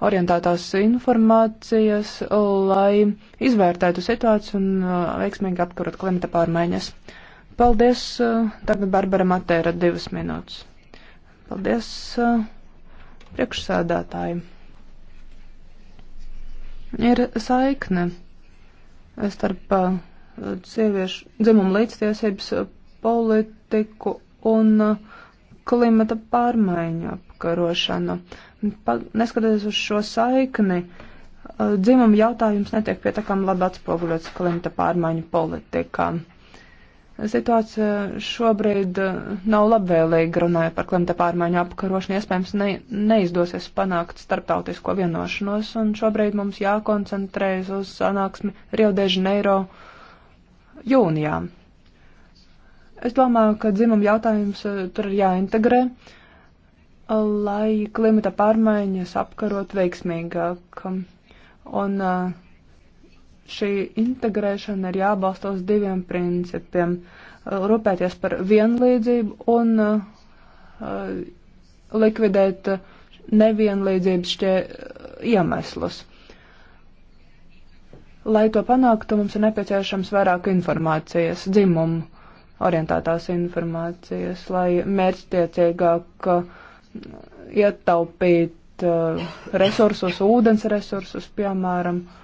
S4: orientētās informācijas, lai izvērtētu situāciju un uh, veiksmīgi apkarot klimata pārmaiņas. Paldies! Uh, tagad Barbara Matēra divas minūtes. Paldies priekšsēdētāji. Ir saikne starp sieviešu dzimumu līdztiesības politiku un klimata pārmaiņu apkarošanu. Pa, neskatoties uz šo saikni, dzimumu jautājums netiek pietiekami labi atspoguļots klimata pārmaiņu politikā. Situācija šobrīd eh, nav labvēlīga, runāja par klimata pārmaiņu apkarošanu, iespējams ne, neizdosies panākt starptautisko vienošanos, un šobrīd mums jākoncentrējas uz sanāksmi Rio de Janeiro jūnijā. Es domāju, ka dzimuma jautājums eh, tur ir jāintegrē, lai klimata pārmaiņas apkarot veiksmīgāk. Un, uh, šī integrēšana ir jābalsta uz diviem principiem - rūpēties par vienlīdzību un uh, likvidēt nevienlīdzības šķie iemeslus. Lai to panāktu, mums ir nepieciešams vairāk informācijas, dzimumu orientētās informācijas, lai mērķtiecīgāk ietaupīt uh, resursus, ūdens resursus, piemēram, uh,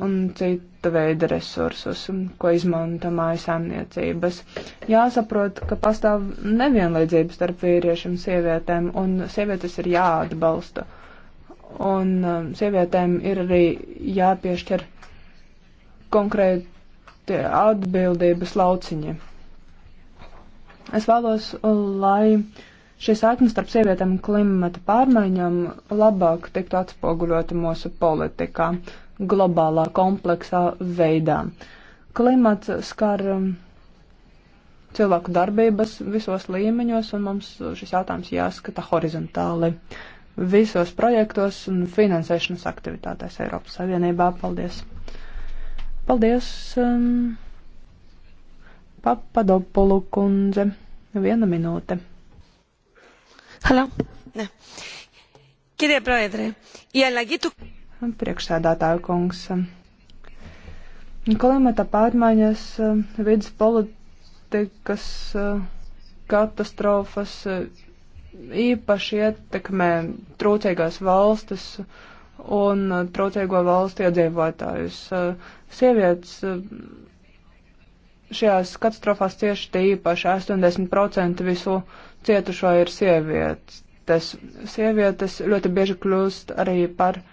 S4: un cita veida resursus, ko izmanta mājasāmniecības. Jāsaprot, ka pastāv nevienlīdzības starp vīriešiem un sievietēm, un sievietes ir jāatbalsta. Un um, sievietēm ir arī jāpiešķir konkrēti atbildības lauciņi. Es vēlos, lai šī saikne starp sievietēm un klimata pārmaiņām labāk tiktu atspoguļota mūsu politikā. Uh, globālā, kompleksā veidā. Klimats skar um, cilvēku darbības visos līmeņos, un mums šis jautājums jāskata horizontāli visos projektos un finansēšanas aktivitātēs Eiropas Savienībā. Paldies! Paldies, um, Papadopulu kundze. Viena minūte.
S2: Halo.
S3: Kirie Proedre, η αλλαγή του
S4: priekšsēdētāju kungs. Klimata pārmaiņas, vidas politikas katastrofas īpaši ietekmē trūcīgās valstis un trūcīgo valstu iedzīvotājus. Sievietes šajās katastrofās cieši tie īpaši 80% visu cietušo ir sievietes. Tas sievietes ļoti bieži kļūst arī par uh,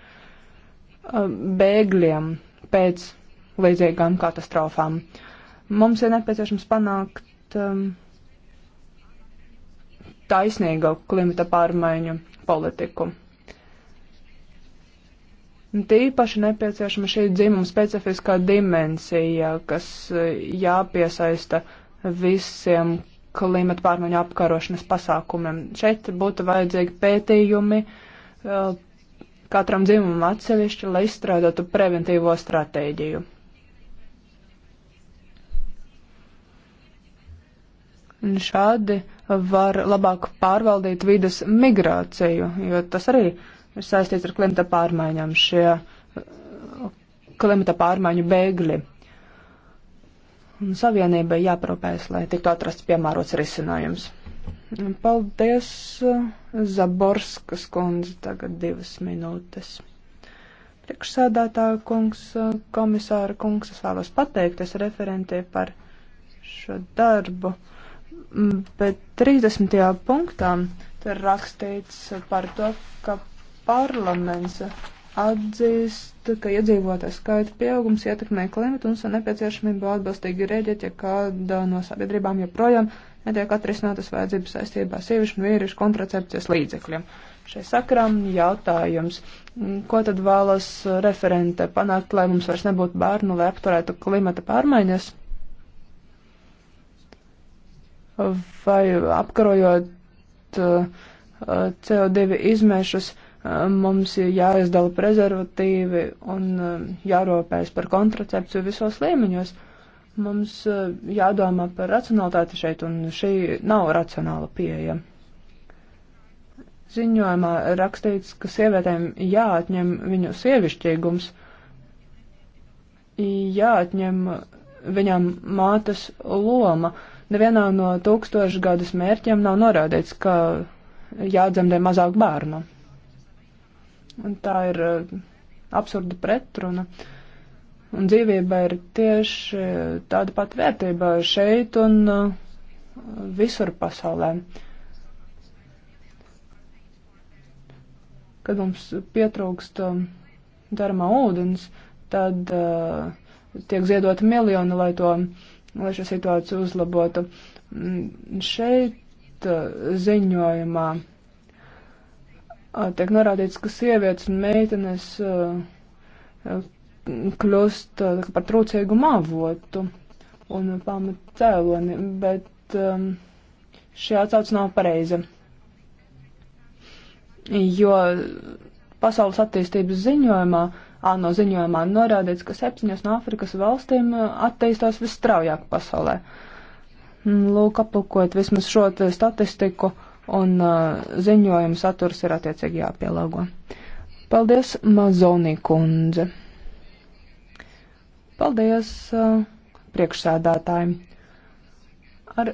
S4: Um, bēgļiem pēc līdzīgām katastrofām. Mums ir nepieciešams panākt um, taisnīgu klimata pārmaiņu politiku. Tīpaši nepieciešama šī dzimuma specifiskā dimensija, kas uh, jāpiesaista visiem klimata pārmaiņu apkarošanas pasākumiem. Šeit būtu vajadzīgi pētījumi, uh, katram dzimumam atsevišķi, lai izstrādātu preventīvo stratēģiju. Un šādi var labāk pārvaldīt vidas migrāciju, jo tas arī ir saistīts ar klimata pārmaiņām, šie klimata pārmaiņu bēgļi. Un savienībai jāparūpējas, lai tiktu atrasts piemērots risinājums. Paldies, Zaborskas kundze, tagad divas minūtes. Priekšsēdētāja kungs, komisāra kungs, es vēlos pateikties referentē par šo darbu, bet 30. punktā tur rakstīts par to, ka parlaments atzīst, ka iedzīvotāju skaita pieaugums ietekmē klimatu un ir nepieciešamība atbilstīgi rēģēt, ja kāda no sabiedrībām joprojām netiek atrisinātas vajadzības saistībā sieviešu un vīriešu kontracepcijas līdzekļiem. Šai sakram jautājums, mm, ko tad vēlas uh, referente panākt, lai mums vairs nebūtu bērnu, lai apturētu klimata pārmaiņas? Vai apkarojot uh, uh, CO2 izmešus, mums jāizdala prezervatīvi un jārūpējas par kontracepciju visos līmeņos? Mums eh, jādomā par racionalitāti šeit, un šī nav racionāla pieeja. Ziņojumā rakstīts, ka sievietēm jāatņem viņu sievišķīgums, jāatņem viņām mātes loma. Nevienā no tūkstošu gadas mērķiem nav norādīts, ka jādzemdē mazāk bērnu. Un tā ir eh, absurda pretruna. Uh, Un dzīvība ir tieši eh, tāda pat vērtība šeit un eh, visur pasaulē. Kad mums pietrūkst eh, darmā ūdens, tad uh, tiek ziedota miljoni, lai, to, lai šo situāciju uzlabotu. Mm, šeit uh, ziņojumā uh, tiek norādīts, ka sievietes un meitenes uh, kļūst eh, par trūcīgumu avotu un pamat cēloni, bet um, šī atsauce nav pareiza. Jo pasaules attīstības ziņojumā, ANO ziņojumā norādīts, ka septiņas no Āfrikas valstīm eh, attīstās visstraujāk pasaulē. Mm, lūk, aplūkot vismaz šo statistiku un uh, ziņojumu saturs ir attiecīgi jāpielāgo. Paldies, Mazonī kundze! Paldies uh, priekšsēdētājiem. Ar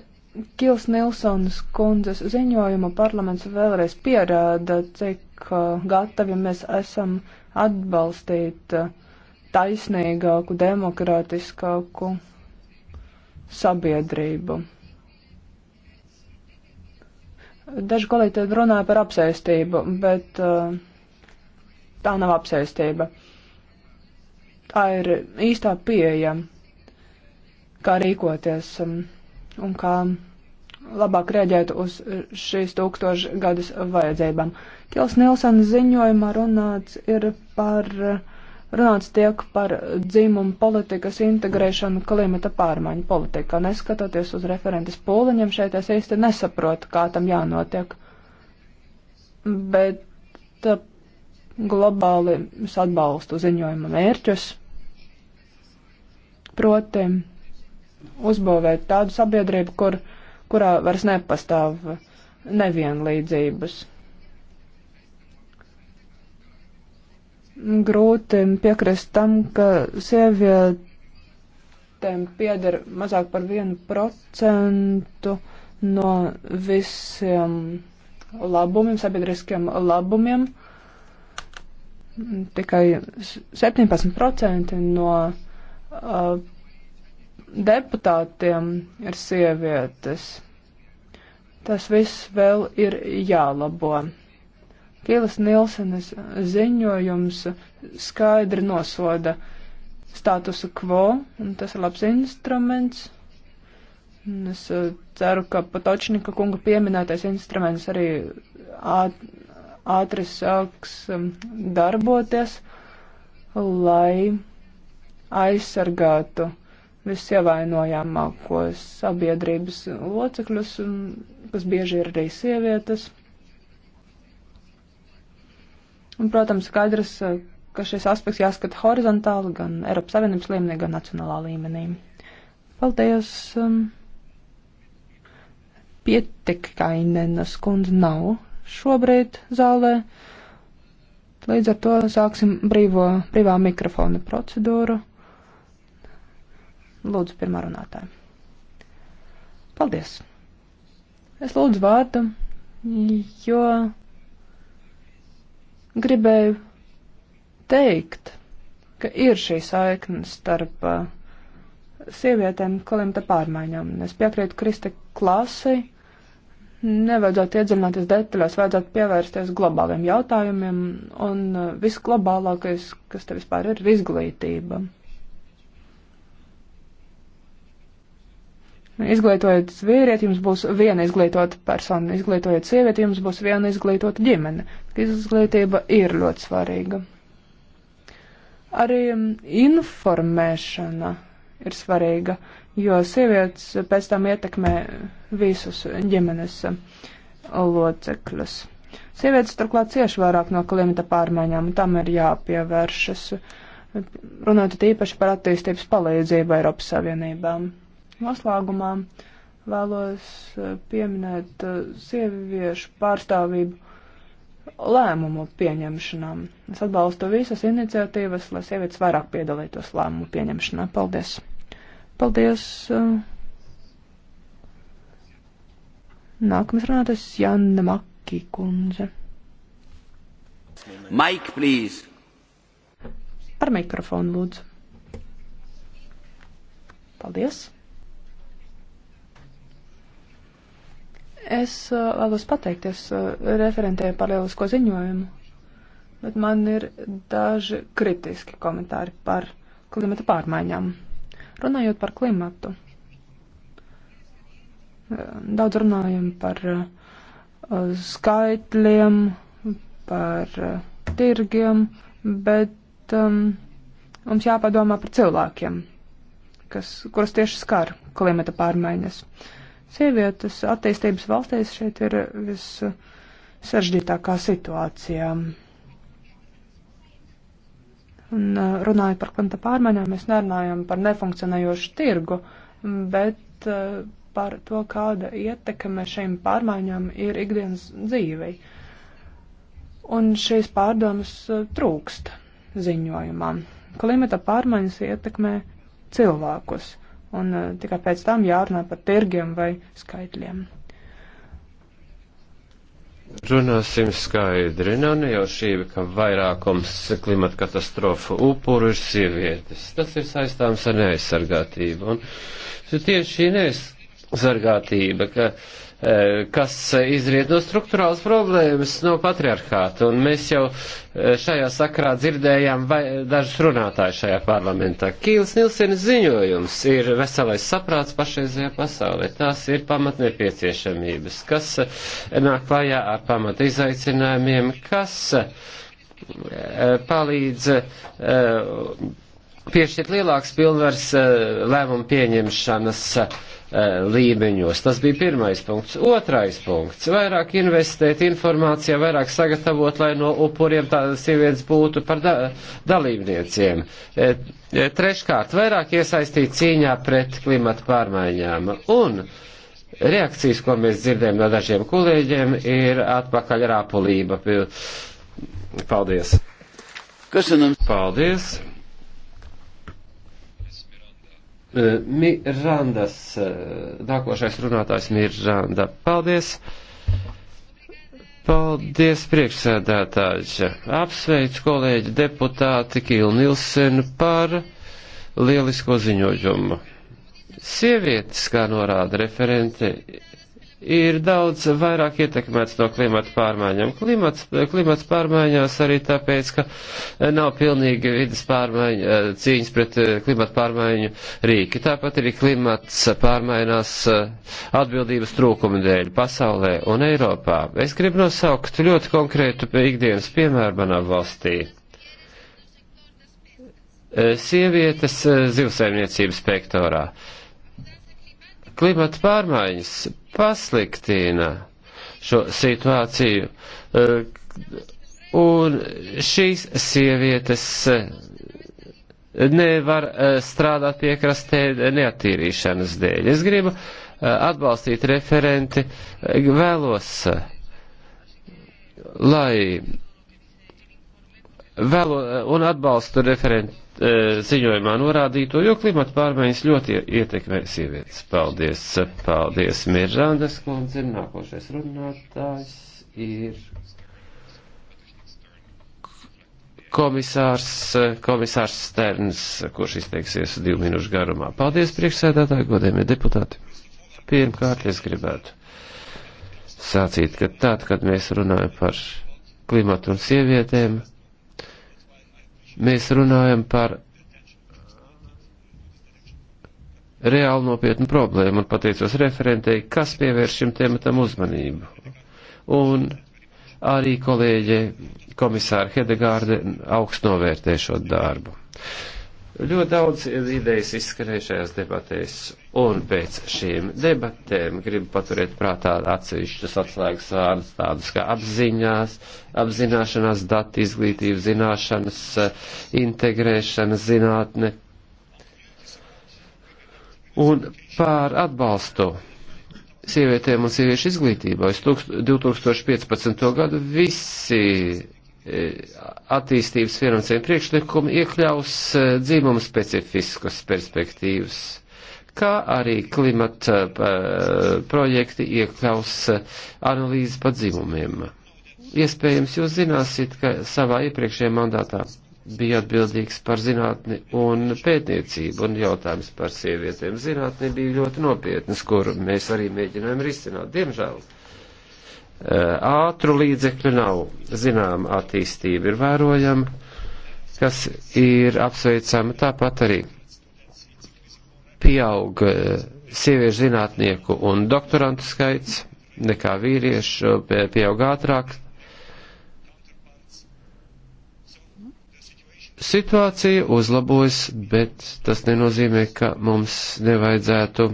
S4: Kils Nilsonas kundzes ziņojumu parlaments vēlreiz pierāda, cik uh, gatavi mēs esam atbalstīt uh, taisnīgāku, demokrātiskāku sabiedrību. Daži kolēģi runāja par apsēstību, bet uh, tā nav apsēstība. Uh, tā ir īstā pieeja, kā rīkoties um, un kā labāk rēģēt uz šīs tūkstošu gadus vajadzībām. Kils Nilsons ziņojumā runāts ir par, runāts tiek par dzimumu politikas integrēšanu klimata pārmaiņu politikā. Neskatoties uz referentes pūliņiem, šeit es īsti nesaprotu, kā tam jānotiek. Bet globāli es atbalstu ziņojuma mērķus, proti uzbūvēt tādu sabiedrību, kur, kurā vairs nepastāv nevienlīdzības. Grūti piekrist tam, ka sievietēm pieder mazāk par vienu procentu no visiem labumiem, sabiedriskiem labumiem. Uh, tikai 17% no uh, deputātiem ir sievietes. Tas viss vēl ir jālabo. Kīlas Nilsenes ziņojums skaidri nosoda statusu quo, un tas ir labs instruments. Un es uh, ceru, ka Patočnika kunga pieminētais instruments arī ātri sāks um, darboties, lai aizsargātu visievainojamākos sabiedrības locekļus, kas bieži ir arī sievietes. Un, protams, skaidrs, uh, ka šis aspekts jāskata horizontāli gan Eiropas Savienības līmenī, gan nacionālā līmenī. Paldies! Um, Pietekainenas kundze nav šobrīd zālē. Līdz ar to sāksim brīvo, brīvā mikrofona procedūru. Lūdzu, pirmā runātāja. Paldies! Es lūdzu vārdu, jo gribēju teikt, ka ir šī saikne starp uh, sievietēm, koliem te pārmaiņām. Es piekrītu Krista klasei nevajadzētu iedziļināties detaļās, vajadzētu pievērsties globāliem jautājumiem, un uh, visglobālākais, kas te vispār ir, ir izglītība. Izglītojot vīrieti, jums būs viena izglītota persona, izglītojot sievieti, jums būs viena izglītota ģimene. Izglītība ir ļoti svarīga. Arī um, informēšana ir svarīga, jo sievietes pēc tam ietekmē visus ģimenes locekļus. Sievietes turklāt cieši vairāk no klimata pārmaiņām, un tam ir jāpievēršas, runājot īpaši par attīstības palīdzību Eiropas Savienībām. Noslēgumā vēlos eh, pieminēt eh, sieviešu pārstāvību lēmumu pieņemšanām. Es atbalstu visas iniciatīvas, lai sievietes vairāk piedalītos lēmumu pieņemšanā. Paldies! Paldies. Uh, nākamais runātājs Janna Maki kundze.
S1: Mike, please.
S4: Ar mikrofonu lūdzu. Paldies. Es uh, vēlos pateikties uh, referentē par lielisko ziņojumu, bet man ir daži kritiski komentāri par klimata pārmaiņām. Runājot par klimatu, daudz runājam par eh, skaitļiem, par eh, tirgiem, bet um, mums jāpadomā par cilvēkiem, kas, kuras tieši skar klimata pārmaiņas. Sievietes attīstības valstīs šeit ir vissaržģītākā eh, situācijā. Un runājot par klimata pārmaiņām, mēs nerunājam par nefunkcionējošu tirgu, bet par to, kāda ietekme šīm pārmaiņām ir ikdienas dzīvei. Un šīs pārdomas trūkst ziņojumā. Klimata pārmaiņas ietekmē cilvēkus, un tikai pēc tam jārunā par tirgiem vai skaitļiem.
S2: Runāsim skaidri. Nav nejaušība, ka vairākums klimata katastrofu upuru ir sievietes. Tas ir saistāms ar neaizsargātību. Un tieši šī neaizsargātība, ka Eh, kas izriet no struktūrāls problēmas, no patriarchāta. Un mēs jau eh, šajā sakrā dzirdējām dažus runātājus šajā parlamentā. Kīls Nilsenes ziņojums ir veselais saprāts pašreizajā pasaulē. Tās ir pamatnepieciešamības, kas eh, nāk klajā ar pamat izaicinājumiem, kas palīdz piešķirt lielāks pilnvars lēmumu pieņemšanas Eh, līmeņos. Tas bija pirmais punkts. Otrais punkts - vairāk investēt informācijā, vairāk sagatavot, lai no upuriem tādas sievietes būtu par da dalībnieciem. Eh, eh, treškārt, vairāk iesaistīt cīņā pret klimatu pārmaiņām. Un reakcijas, ko mēs dzirdējam no dažiem kolēģiem, ir atpakaļ rāpulība. Paldies! Kas ir? Paldies! Eh, Mirandas, eh, nākošais runātājs Miranda. Paldies! Paldies, priekšsēdētājs! Apsveicu kolēģi deputāti Kīlu Nilsenu par lielisko ziņojumu. Sievietes, kā norāda referente, ir daudz vairāk ietekmēts no klimata pārmaiņām. Klimats, klimats pārmaiņās arī tāpēc, ka eh, nav pilnīgi vidas pārmaiņa, eh, cīņas pret eh, klimata pārmaiņu rīki. Tāpat arī klimats pārmainās atbildības trūkuma dēļ pasaulē un Eiropā. Es gribu nosaukt ļoti konkrētu ikdienas piemēru manā valstī. Sievietes zivsaimniecības sektorā. Uh, klimata pārmaiņas pasliktina šo situāciju, eh, un šīs sievietes eh, nevar eh, strādāt piekrastē neatīrīšanas dēļ. Es gribu atbalstīt referenti, vēlos, lai vēlo un atbalstu referenti E, ziņojumā norādīto, jo klimata pārmaiņas ļoti ietekmē sievietes. Paldies, paldies, Mirandas kundze. Nākošais runātājs ir komisārs, komisārs Sterns, kurš izteiksies divu minūšu garumā. Paldies, priekšsēdētāji, godējumie deputāti. Pirmkārt, es gribētu sacīt, ka tad, kad mēs runājam par klimatu un sievietēm, Mēs runājam par reāli nopietnu problēmu un pateicos referentei, kas pievērš šim tematam uzmanību. Un arī kolēģe komisāra Hedegārde augst novērtē šo darbu. Ļoti daudz idejas izskanēja šajās debatēs, un pēc šīm debatēm gribu paturēt prātā atsevišķus atslēgas vārdus, tādus kā apziņās, apzināšanās, dati, izglītība, zināšanas, integrēšana, zinātne. Un pār atbalstu sievietēm un sieviešu izglītībā. Es 2015. gadu visi E, attīstības finansējuma priekšlikumi iekļaus e, dzīvumu specifiskas perspektīvas, kā arī klimata e, projekti iekļaus analīzi pa dzīvumiem. Iespējams, jūs zināsiet, ka savā iepriekšējā mandātā bija atbildīgs par zinātni un pētniecību, un jautājums par sievietēm zinātni bija ļoti nopietnas, kur mēs arī mēģinājām risināt. Diemžēl Eh, ātru līdzekļu nav. Zinām, attīstība ir vērojama, kas ir apsveicama tāpat arī pieaug eh, sieviešu zinātnieku un doktorantu skaits nekā vīriešu, pieaug ātrāk. Situācija uzlabojas, bet tas nenozīmē, ka mums nevajadzētu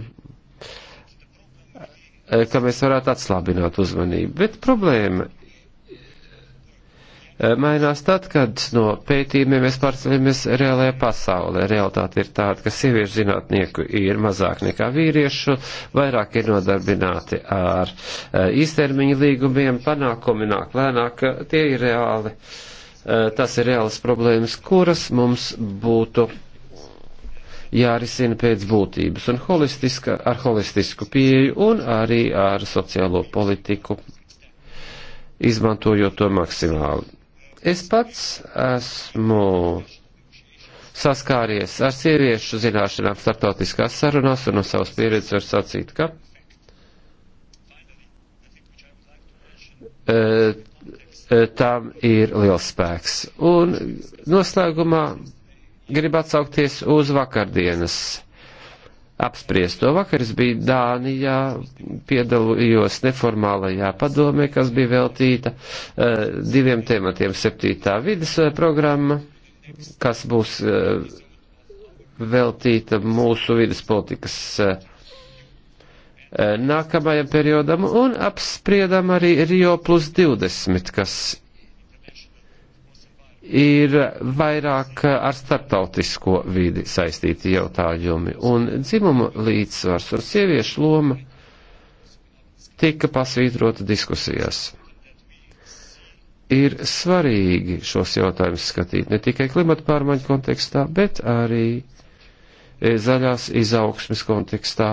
S2: Eh, ka mēs varētu atslābināt uzmanību. Bet problēma eh, mainās tad, kad no pētījumiem mēs pārceļamies reālajā pasaulē. Realtāte ir tāda, ka sieviešu zinātnieku ir mazāk nekā vīriešu, vairāk ir nodarbināti ar eh, īstermiņa līgumiem, panākumi nāk lēnāk, tie ir reāli. Tas ir reāls problēmas, kuras mums būtu jārisina pēc būtības un holistiska, ar holistisku pieeju un arī ar sociālo politiku, izmantojot to maksimāli. Es pats esmu saskāries ar sieviešu zināšanām startautiskās sarunās un no savas pieredzes var sacīt, ka e, tam ir liels spēks. Un noslēgumā gribu atsaukties uz vakardienas apspriesto. Vakar es biju Dānijā, piedalījos neformālajā padomē, kas bija veltīta uh, diviem tematiem - septītā vidas eh, programma, kas būs uh, veltīta mūsu vidas politikas uh, nākamajam periodam, un apspriedam arī Rio plus 20, kas ir vairāk ar starptautisko vidi saistīti jautājumi, un dzimuma līdzsvars un sieviešu loma tika pasvītrota diskusijās. Ir svarīgi šos jautājumus skatīt ne tikai klimata pārmaiņu kontekstā, bet arī e, zaļās izaugsmes kontekstā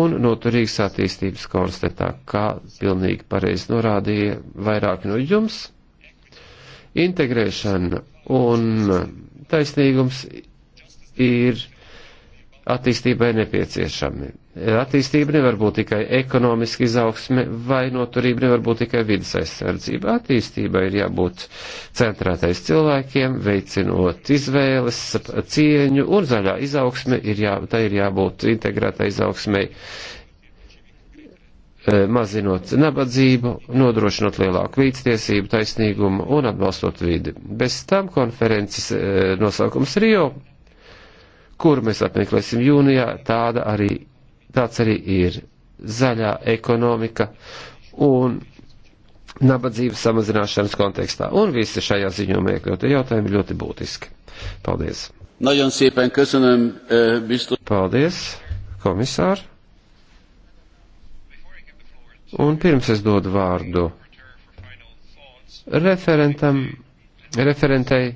S2: un noturīgas attīstības konstatā, kā pilnīgi pareizi norādīja vairāk no jums Integrēšana un taisnīgums ir attīstībai nepieciešami. Attīstība nevar būt tikai ekonomiski izaugsme vai noturība nevar būt tikai vidas aizsardzība. Attīstība ir jābūt centrētais cilvēkiem, veicinot izvēles, cieņu un zaļā izaugsme ir jā, tā ir jābūt integrētai izaugsmei Eh, mazinot nabadzību, nodrošinot lielāku līdztiesību, taisnīgumu un atbalstot vidi. Bez tam konferences eh, nosaukums Rio, kuru mēs apmeklēsim jūnijā, tāda arī, tāds arī ir zaļā ekonomika un nabadzības samazināšanas kontekstā. Un visi šajā ziņojumā iekļautie jautājumi ļoti būtiski. Paldies!
S1: Nagyon szépen köszönöm, eh, biztos. Paldies,
S2: komisār. Un pirms es dodu vārdu referentam, referentei,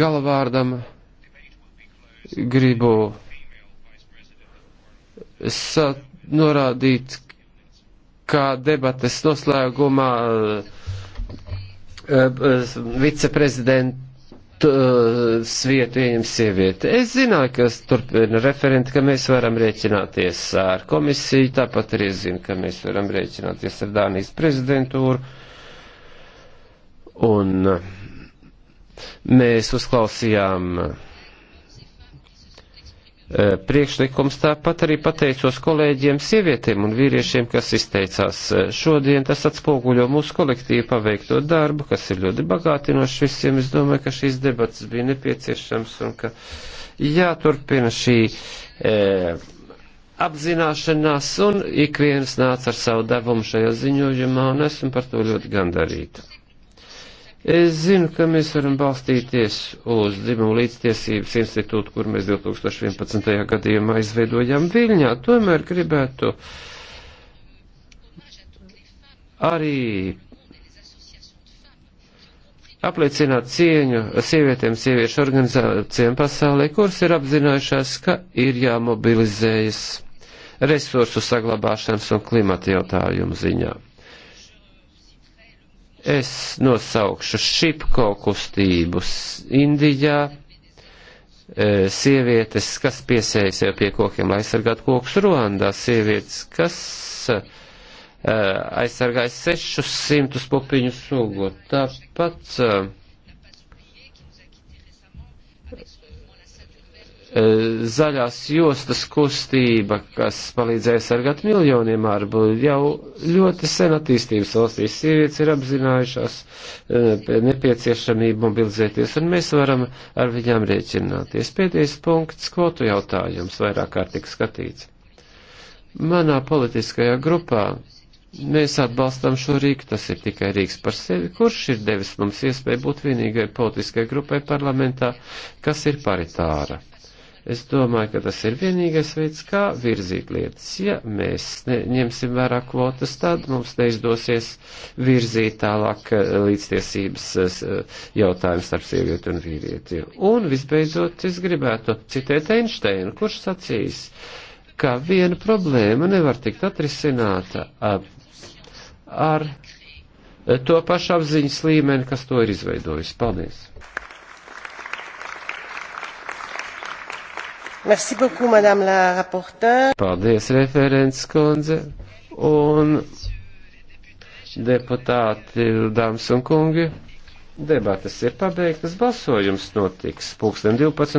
S2: galvārdam gribu norādīt, kā debates noslēgumā eh, eh, viceprezidents Uh, svietējiem sievieti. Es zināju, ka turpina referenti, ka mēs varam rēķināties ar komisiju, tāpat arī es zinu, ka mēs varam rēķināties ar Dānijas prezidentūru. Un uh, mēs uzklausījām uh, Eh, priekšlikums. Tāpat arī pateicos kolēģiem, sievietēm un vīriešiem, kas izteicās eh, šodien. Tas atspoguļo mūsu kolektīvu paveikto darbu, kas ir ļoti bagātinošs visiem. Es domāju, ka šīs debatas bija nepieciešams un ka jāturpina šī. E, apzināšanās un ik viens nāca ar savu devumu šajā ziņojumā un esmu par to ļoti gandarīta. Es zinu, ka mēs varam balstīties uz dzimumu līdztiesības institūtu, kur mēs 2011. gadījumā izveidojām Viļņā. Tomēr gribētu arī apliecināt cieņu sievietēm, sieviešu organizācijām pasaulē, kuras ir apzinājušās, ka ir jāmobilizējas resursu saglabāšanas un klimata jautājumu ziņā. Es nosaukšu šipko kustības Indijā, e, sievietes, kas piesēja sev pie kokiem, lai aizsargātu kokus Ruandā, sievietes, kas e, aizsargāja 600 pupiņu sugu. Tāpat e, Eh, zaļās jostas kustība, kas palīdzēja sargāt miljoniem ārbu, jau ļoti sen attīstības valstīs sievietes ir apzinājušās eh, nepieciešamību mobilizēties, un mēs varam ar viņām rēķināties. Pēdējais punkts, kvotu jautājums, vairāk kārt tika skatīts. Manā politiskajā grupā mēs atbalstam šo rīku, tas ir tikai rīks par sevi, kurš ir devis mums iespēju būt vienīgai politiskai grupai parlamentā, kas ir paritāra Es domāju, ka tas ir vienīgais veids, kā virzīt lietas. Ja mēs ņemsim vērā kvotas, tad mums neizdosies virzīt tālāk eh, līdztiesības eh, jautājums starp sievieti un vīrieti. Un visbeidzot, es gribētu citēt Einsteinu, kurš sacīs, ka viena problēma nevar tikt atrisināta ar eh, to pašu apziņas līmeni, kas to ir izveidojis. Paldies! Merci beaucoup, madame la rapporteure. Paldies, referents kundze. Un deputāti, dāmas un kungi, debatas ir pabeigtas, balsojums notiks pulksten 12.